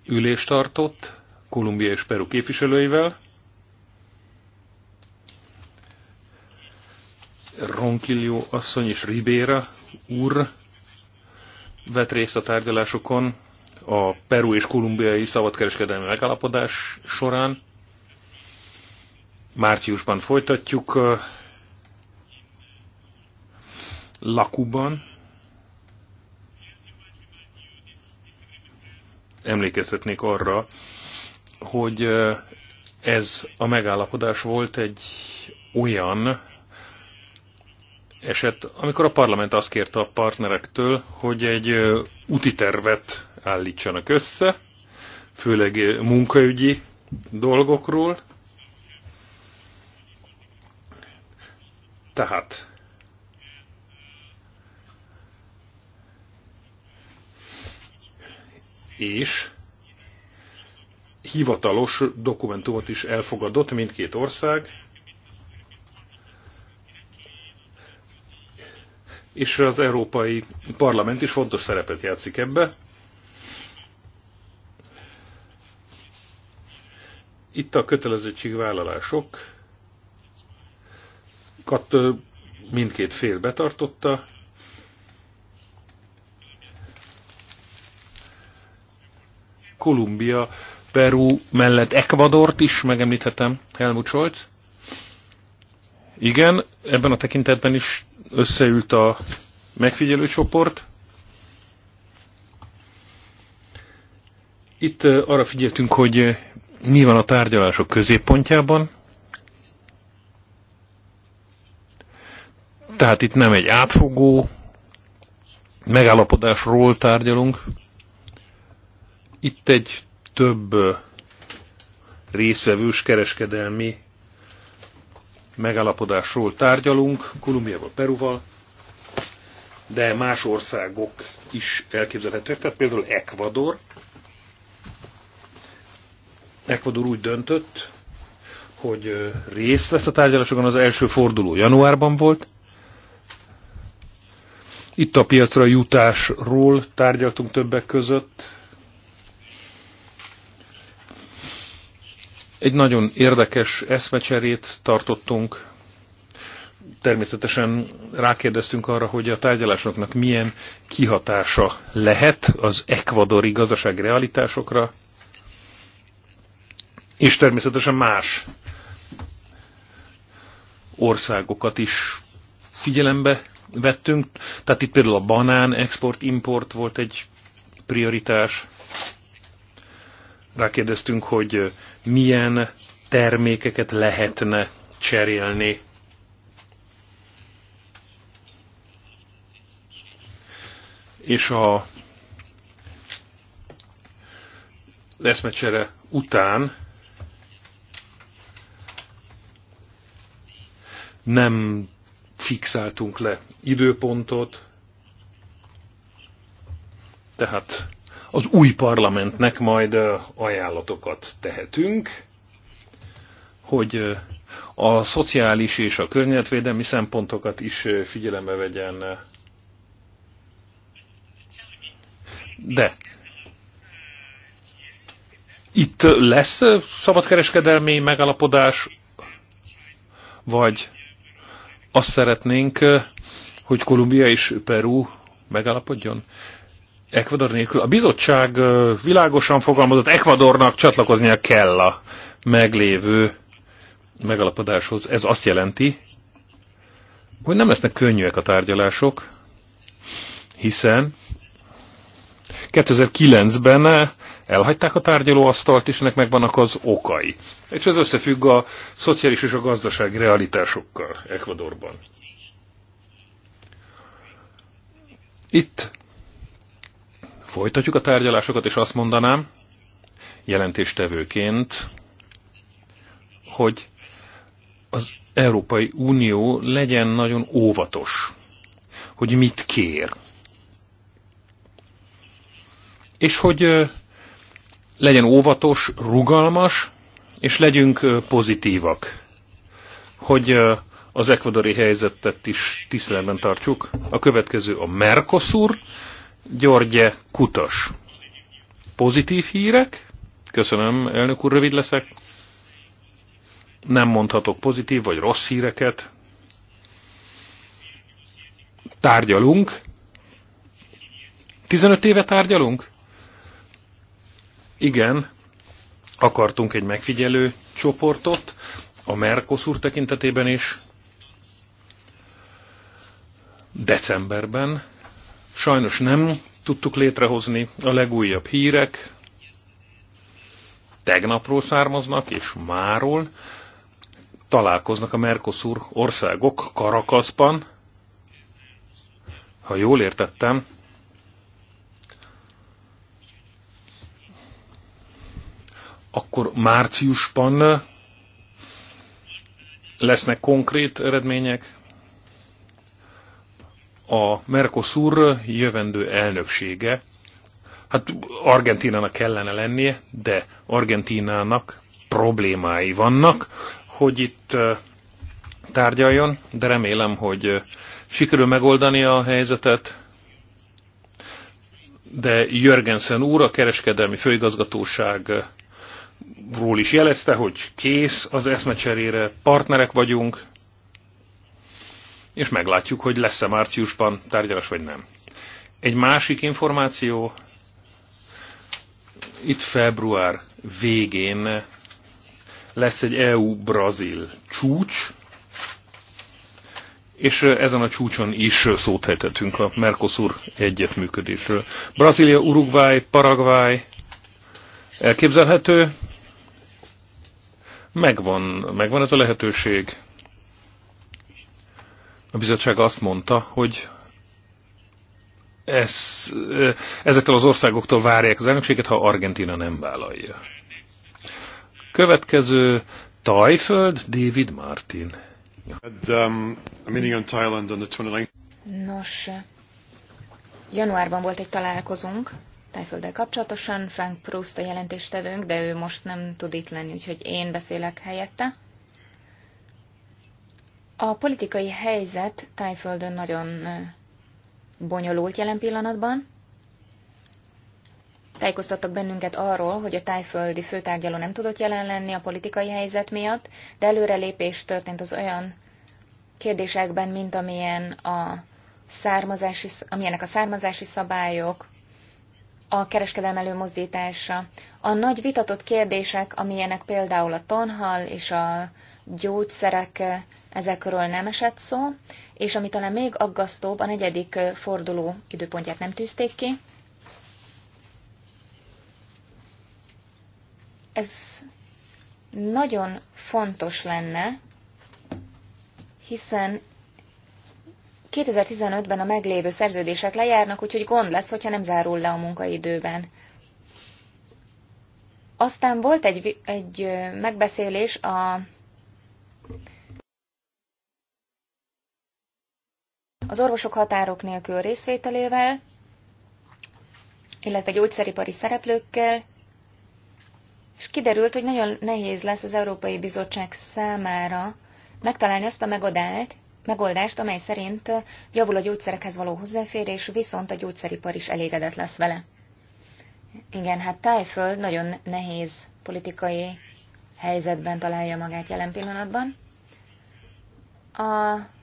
ülést tartott Kolumbia és Peru képviselőivel, Ronkilio asszony és Ribéra úr vett részt a tárgyalásokon, a Peru és Kolumbiai szabadkereskedelmi megállapodás során. Márciusban folytatjuk Lakuban. Emlékezhetnék arra, hogy ez a megállapodás volt egy olyan eset, amikor a parlament azt kérte a partnerektől, hogy egy úti tervet állítsanak össze, főleg munkaügyi dolgokról. Tehát és hivatalos dokumentumot is elfogadott mindkét ország, és az Európai Parlament is fontos szerepet játszik ebbe. Itt a kötelezettségvállalások kat mindkét fél betartotta. Kolumbia, Peru mellett Ecuadort is megemlíthetem, Helmut Scholz. Igen, ebben a tekintetben is összeült a megfigyelőcsoport. Itt arra figyeltünk, hogy mi van a tárgyalások középpontjában. Tehát itt nem egy átfogó megállapodásról tárgyalunk. Itt egy több részvevős kereskedelmi megállapodásról tárgyalunk, Kolumbiával, Peruval, de más országok is elképzelhetők, tehát például Ecuador, Ecuador úgy döntött, hogy részt vesz a tárgyalásokon, az első forduló januárban volt. Itt a piacra jutásról tárgyaltunk többek között. Egy nagyon érdekes eszmecserét tartottunk. Természetesen rákérdeztünk arra, hogy a tárgyalásoknak milyen kihatása lehet az ekvadori gazdasági realitásokra, és természetesen más országokat is figyelembe vettünk. Tehát itt például a banán export-import volt egy prioritás. Rákérdeztünk, hogy milyen termékeket lehetne cserélni. És a eszmecsere után nem fixáltunk le időpontot, tehát az új parlamentnek majd ajánlatokat tehetünk, hogy a szociális és a környezetvédelmi szempontokat is figyelembe vegyen. De itt lesz szabadkereskedelmi megalapodás, vagy azt szeretnénk, hogy Kolumbia és Peru megállapodjon. Ecuador nélkül. A bizottság világosan fogalmazott, Ecuadornak csatlakoznia kell a meglévő megalapodáshoz. Ez azt jelenti, hogy nem lesznek könnyűek a tárgyalások, hiszen 2009-ben elhagyták a tárgyalóasztalt, és ennek megvannak az okai. És ez összefügg a szociális és a gazdasági realitásokkal Ecuadorban. Itt folytatjuk a tárgyalásokat, és azt mondanám, jelentéstevőként, hogy az Európai Unió legyen nagyon óvatos, hogy mit kér. És hogy legyen óvatos, rugalmas, és legyünk pozitívak, hogy az ekvadori helyzetet is tiszteletben tartsuk. A következő a Mercosur, Györgye Kutas. Pozitív hírek? Köszönöm, elnök úr, rövid leszek. Nem mondhatok pozitív vagy rossz híreket. Tárgyalunk. 15 éve tárgyalunk? Igen, akartunk egy megfigyelő csoportot, a Mercosur tekintetében is, decemberben. Sajnos nem tudtuk létrehozni a legújabb hírek, tegnapról származnak, és máról találkoznak a Mercosur országok Karakaszban. Ha jól értettem, akkor márciusban lesznek konkrét eredmények. A Mercosur jövendő elnöksége, hát Argentinának kellene lennie, de Argentinának problémái vannak, hogy itt tárgyaljon, de remélem, hogy sikerül megoldani a helyzetet, de Jörgensen úr, a kereskedelmi főigazgatóság ról is jelezte, hogy kész az eszmecserére, partnerek vagyunk, és meglátjuk, hogy lesz-e márciusban tárgyalás vagy nem. Egy másik információ, itt február végén lesz egy EU-Brazil csúcs, és ezen a csúcson is szót ejtettünk a Mercosur egyetműködésről. Brazília, Uruguay, Paraguay, elképzelhető, megvan, megvan ez a lehetőség. A bizottság azt mondta, hogy ez, ezektől az országoktól várják az elnökséget, ha Argentina nem vállalja. Következő Tajföld, David Martin. Um, Nos, januárban volt egy találkozunk, tájfölddel kapcsolatosan. Frank Proust a jelentéstevőnk, de ő most nem tud itt lenni, úgyhogy én beszélek helyette. A politikai helyzet tájföldön nagyon bonyolult jelen pillanatban. Tájékoztattak bennünket arról, hogy a tájföldi főtárgyaló nem tudott jelen lenni a politikai helyzet miatt, de előrelépés történt az olyan kérdésekben, mint amilyen a származási, amilyenek a származási szabályok, a kereskedelem előmozdítása. A nagy vitatott kérdések, amilyenek például a tonhal és a gyógyszerek, ezekről nem esett szó, és ami talán még aggasztóbb, a negyedik forduló időpontját nem tűzték ki. Ez nagyon fontos lenne, hiszen 2015-ben a meglévő szerződések lejárnak, úgyhogy gond lesz, hogyha nem zárul le a munkaidőben. Aztán volt egy, egy megbeszélés a az orvosok határok nélkül részvételével, illetve gyógyszeripari szereplőkkel, és kiderült, hogy nagyon nehéz lesz az Európai Bizottság számára megtalálni azt a megoldást, megoldást, amely szerint javul a gyógyszerekhez való hozzáférés, viszont a gyógyszeripar is elégedett lesz vele. Igen, hát Tájföld nagyon nehéz politikai helyzetben találja magát jelen pillanatban.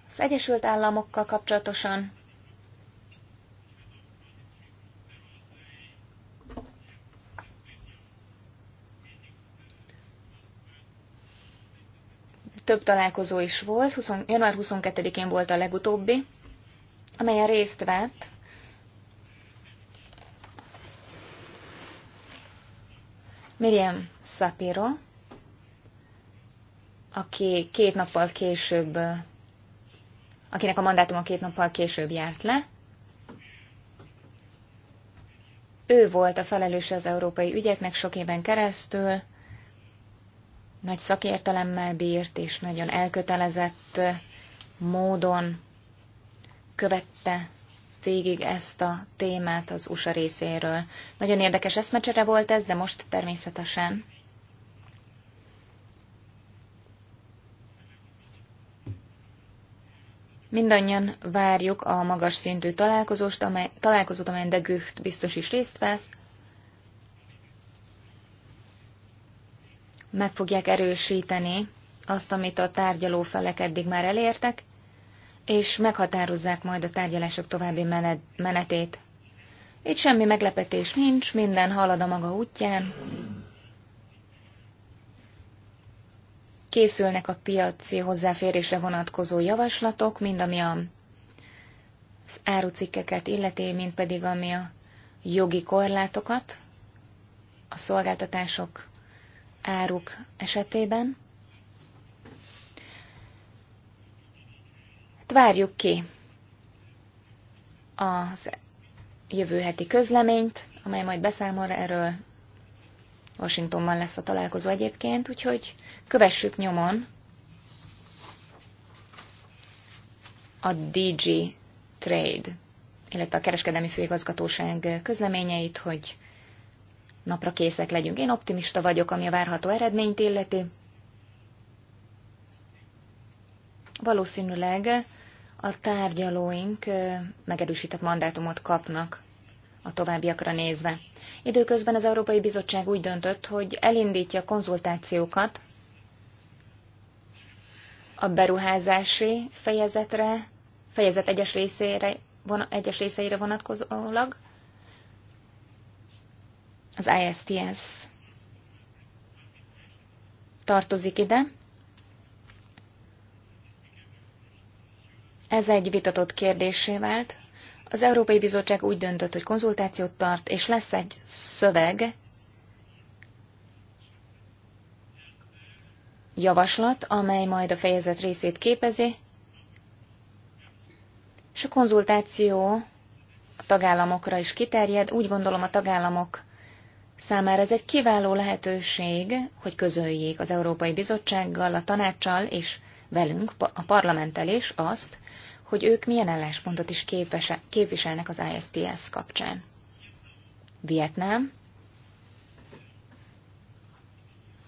Az Egyesült Államokkal kapcsolatosan Több találkozó is volt, 20, január 22-én volt a legutóbbi, amelyen részt vett Miriam Sapiro, aki két nappal később, akinek a mandátuma két nappal később járt le. Ő volt a felelőse az európai ügyeknek sok éven keresztül, nagy szakértelemmel bírt, és nagyon elkötelezett módon követte végig ezt a témát az USA részéről. Nagyon érdekes eszmecsere volt ez, de most természetesen. Mindannyian várjuk a magas szintű találkozót, amely, találkozót, amelyen de Gücht biztos is részt vesz, meg fogják erősíteni azt, amit a tárgyaló felek eddig már elértek, és meghatározzák majd a tárgyalások további menetét. Itt semmi meglepetés nincs, minden halad a maga útján. Készülnek a piaci hozzáférésre vonatkozó javaslatok, mind ami a az árucikkeket illeti, mint pedig ami a jogi korlátokat, a szolgáltatások áruk esetében. Hát várjuk ki az jövő heti közleményt, amely majd beszámol erről. Washingtonban lesz a találkozó egyébként, úgyhogy kövessük nyomon a DG Trade, illetve a kereskedelmi főigazgatóság közleményeit, hogy napra készek legyünk. Én optimista vagyok, ami a várható eredményt illeti. Valószínűleg a tárgyalóink megerősített mandátumot kapnak a továbbiakra nézve. Időközben az Európai Bizottság úgy döntött, hogy elindítja a konzultációkat a beruházási fejezetre, fejezet egyes, részére, egyes részeire vonatkozólag, az ISTS tartozik ide. Ez egy vitatott kérdésé vált. Az Európai Bizottság úgy döntött, hogy konzultációt tart, és lesz egy szöveg, javaslat, amely majd a fejezet részét képezi, és a konzultáció a tagállamokra is kiterjed. Úgy gondolom a tagállamok számára ez egy kiváló lehetőség, hogy közöljék az Európai Bizottsággal, a tanácssal és velünk, a parlamenttel is azt, hogy ők milyen álláspontot is képes, képviselnek az ISTS kapcsán. Vietnám.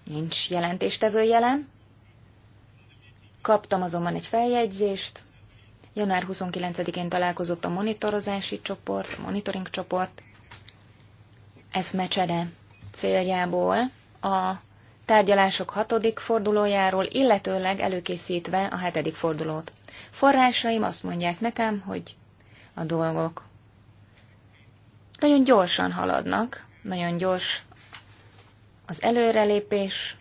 Nincs jelentéstevő jelen. Kaptam azonban egy feljegyzést. Január 29-én találkozott a monitorozási csoport, a monitoring csoport, eszmecsere céljából a tárgyalások hatodik fordulójáról, illetőleg előkészítve a hetedik fordulót. Forrásaim azt mondják nekem, hogy a dolgok nagyon gyorsan haladnak, nagyon gyors az előrelépés,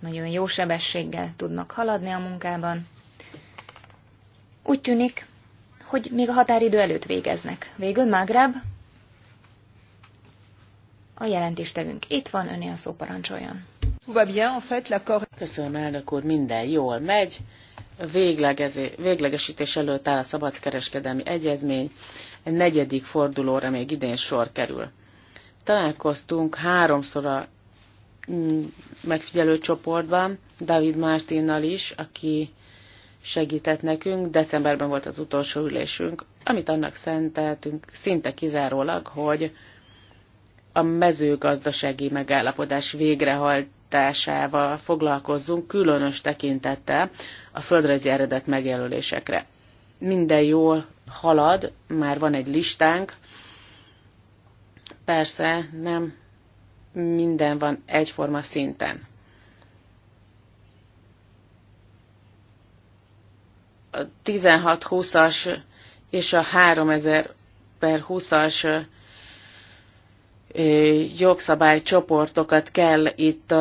nagyon jó sebességgel tudnak haladni a munkában. Úgy tűnik, hogy még a határidő előtt végeznek. Végül Magreb a jelentéstevünk itt van, öné a szó parancsoljon. Köszönöm, elnök úr, minden jól megy. Véglegesítés előtt áll a szabadkereskedelmi egyezmény. Egy negyedik fordulóra még idén sor kerül. Találkoztunk háromszor a mm, megfigyelő csoportban, David Mártinnal is, aki segített nekünk. Decemberben volt az utolsó ülésünk, amit annak szenteltünk szinte kizárólag, hogy a mezőgazdasági megállapodás végrehajtásával foglalkozzunk, különös tekintettel a földrajzi eredet megjelölésekre. Minden jól halad, már van egy listánk, persze nem minden van egyforma szinten. A 16-20-as és a 3000 per 20-as jogszabálycsoportokat kell itt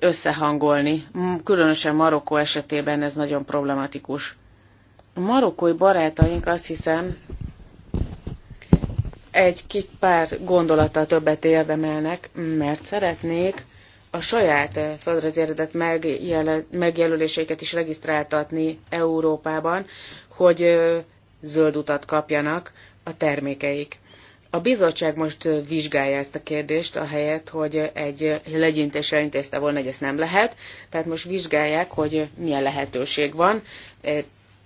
összehangolni. Különösen Marokkó esetében ez nagyon problematikus. A marokkói barátaink azt hiszem egy kis pár gondolattal többet érdemelnek, mert szeretnék a saját földrajzi eredet megjel megjelöléseiket is regisztráltatni Európában, hogy zöld utat kapjanak a termékeik. A bizottság most vizsgálja ezt a kérdést, a helyet, hogy egy legyintéssel elintézte volna, hogy ezt nem lehet. Tehát most vizsgálják, hogy milyen lehetőség van.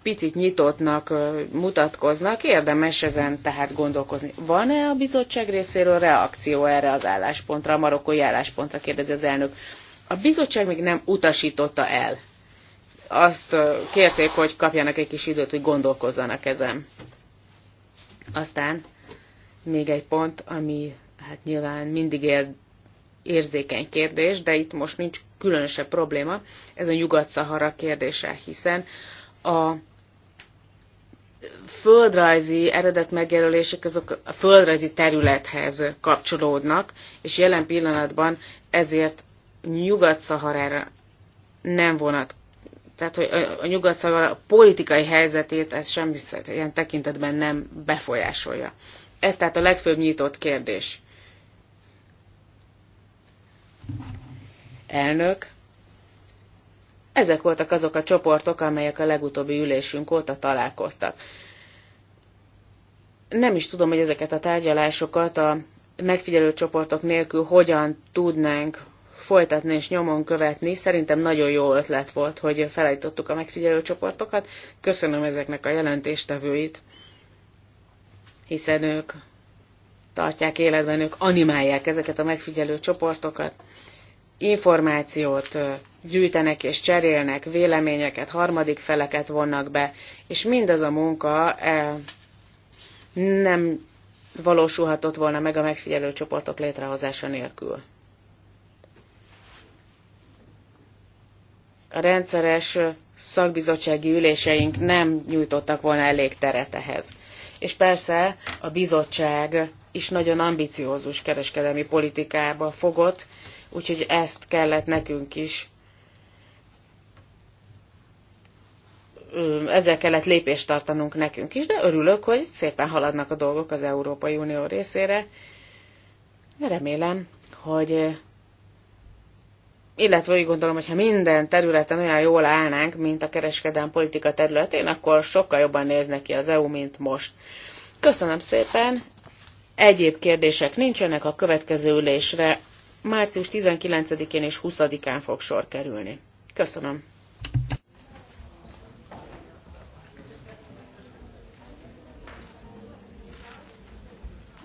Picit nyitottnak mutatkoznak, érdemes ezen tehát gondolkozni. Van-e a bizottság részéről reakció erre az álláspontra, a marokkói álláspontra, kérdezi az elnök. A bizottság még nem utasította el. Azt kérték, hogy kapjanak egy kis időt, hogy gondolkozzanak ezen. Aztán még egy pont, ami hát nyilván mindig ér, érzékeny kérdés, de itt most nincs különösebb probléma, ez a Nyugat-Szahara kérdése, hiszen a földrajzi eredet megjelölések azok a földrajzi területhez kapcsolódnak, és jelen pillanatban ezért Nyugat-Szaharára nem vonat. Tehát, hogy a nyugat szahara politikai helyzetét ez semmi ilyen tekintetben nem befolyásolja. Ez tehát a legfőbb nyitott kérdés. Elnök, ezek voltak azok a csoportok, amelyek a legutóbbi ülésünk óta találkoztak. Nem is tudom, hogy ezeket a tárgyalásokat a megfigyelő csoportok nélkül hogyan tudnánk folytatni és nyomon követni. Szerintem nagyon jó ötlet volt, hogy felállítottuk a megfigyelő csoportokat. Köszönöm ezeknek a jelentéstevőit hiszen ők tartják életben, ők animálják ezeket a megfigyelő csoportokat, információt gyűjtenek és cserélnek, véleményeket, harmadik feleket vonnak be, és mindez a munka nem valósulhatott volna meg a megfigyelő csoportok létrehozása nélkül. A rendszeres szakbizottsági üléseink nem nyújtottak volna elég teret ehhez és persze a bizottság is nagyon ambiciózus kereskedelmi politikába fogott, úgyhogy ezt kellett nekünk is ezzel kellett lépést tartanunk nekünk is, de örülök, hogy szépen haladnak a dolgok az Európai Unió részére. Remélem, hogy illetve úgy gondolom, hogy ha minden területen olyan jól állnánk, mint a kereskedelmi politika területén, akkor sokkal jobban néznek ki az EU, mint most. Köszönöm szépen! Egyéb kérdések nincsenek a következő ülésre. Március 19-én és 20-án fog sor kerülni. Köszönöm!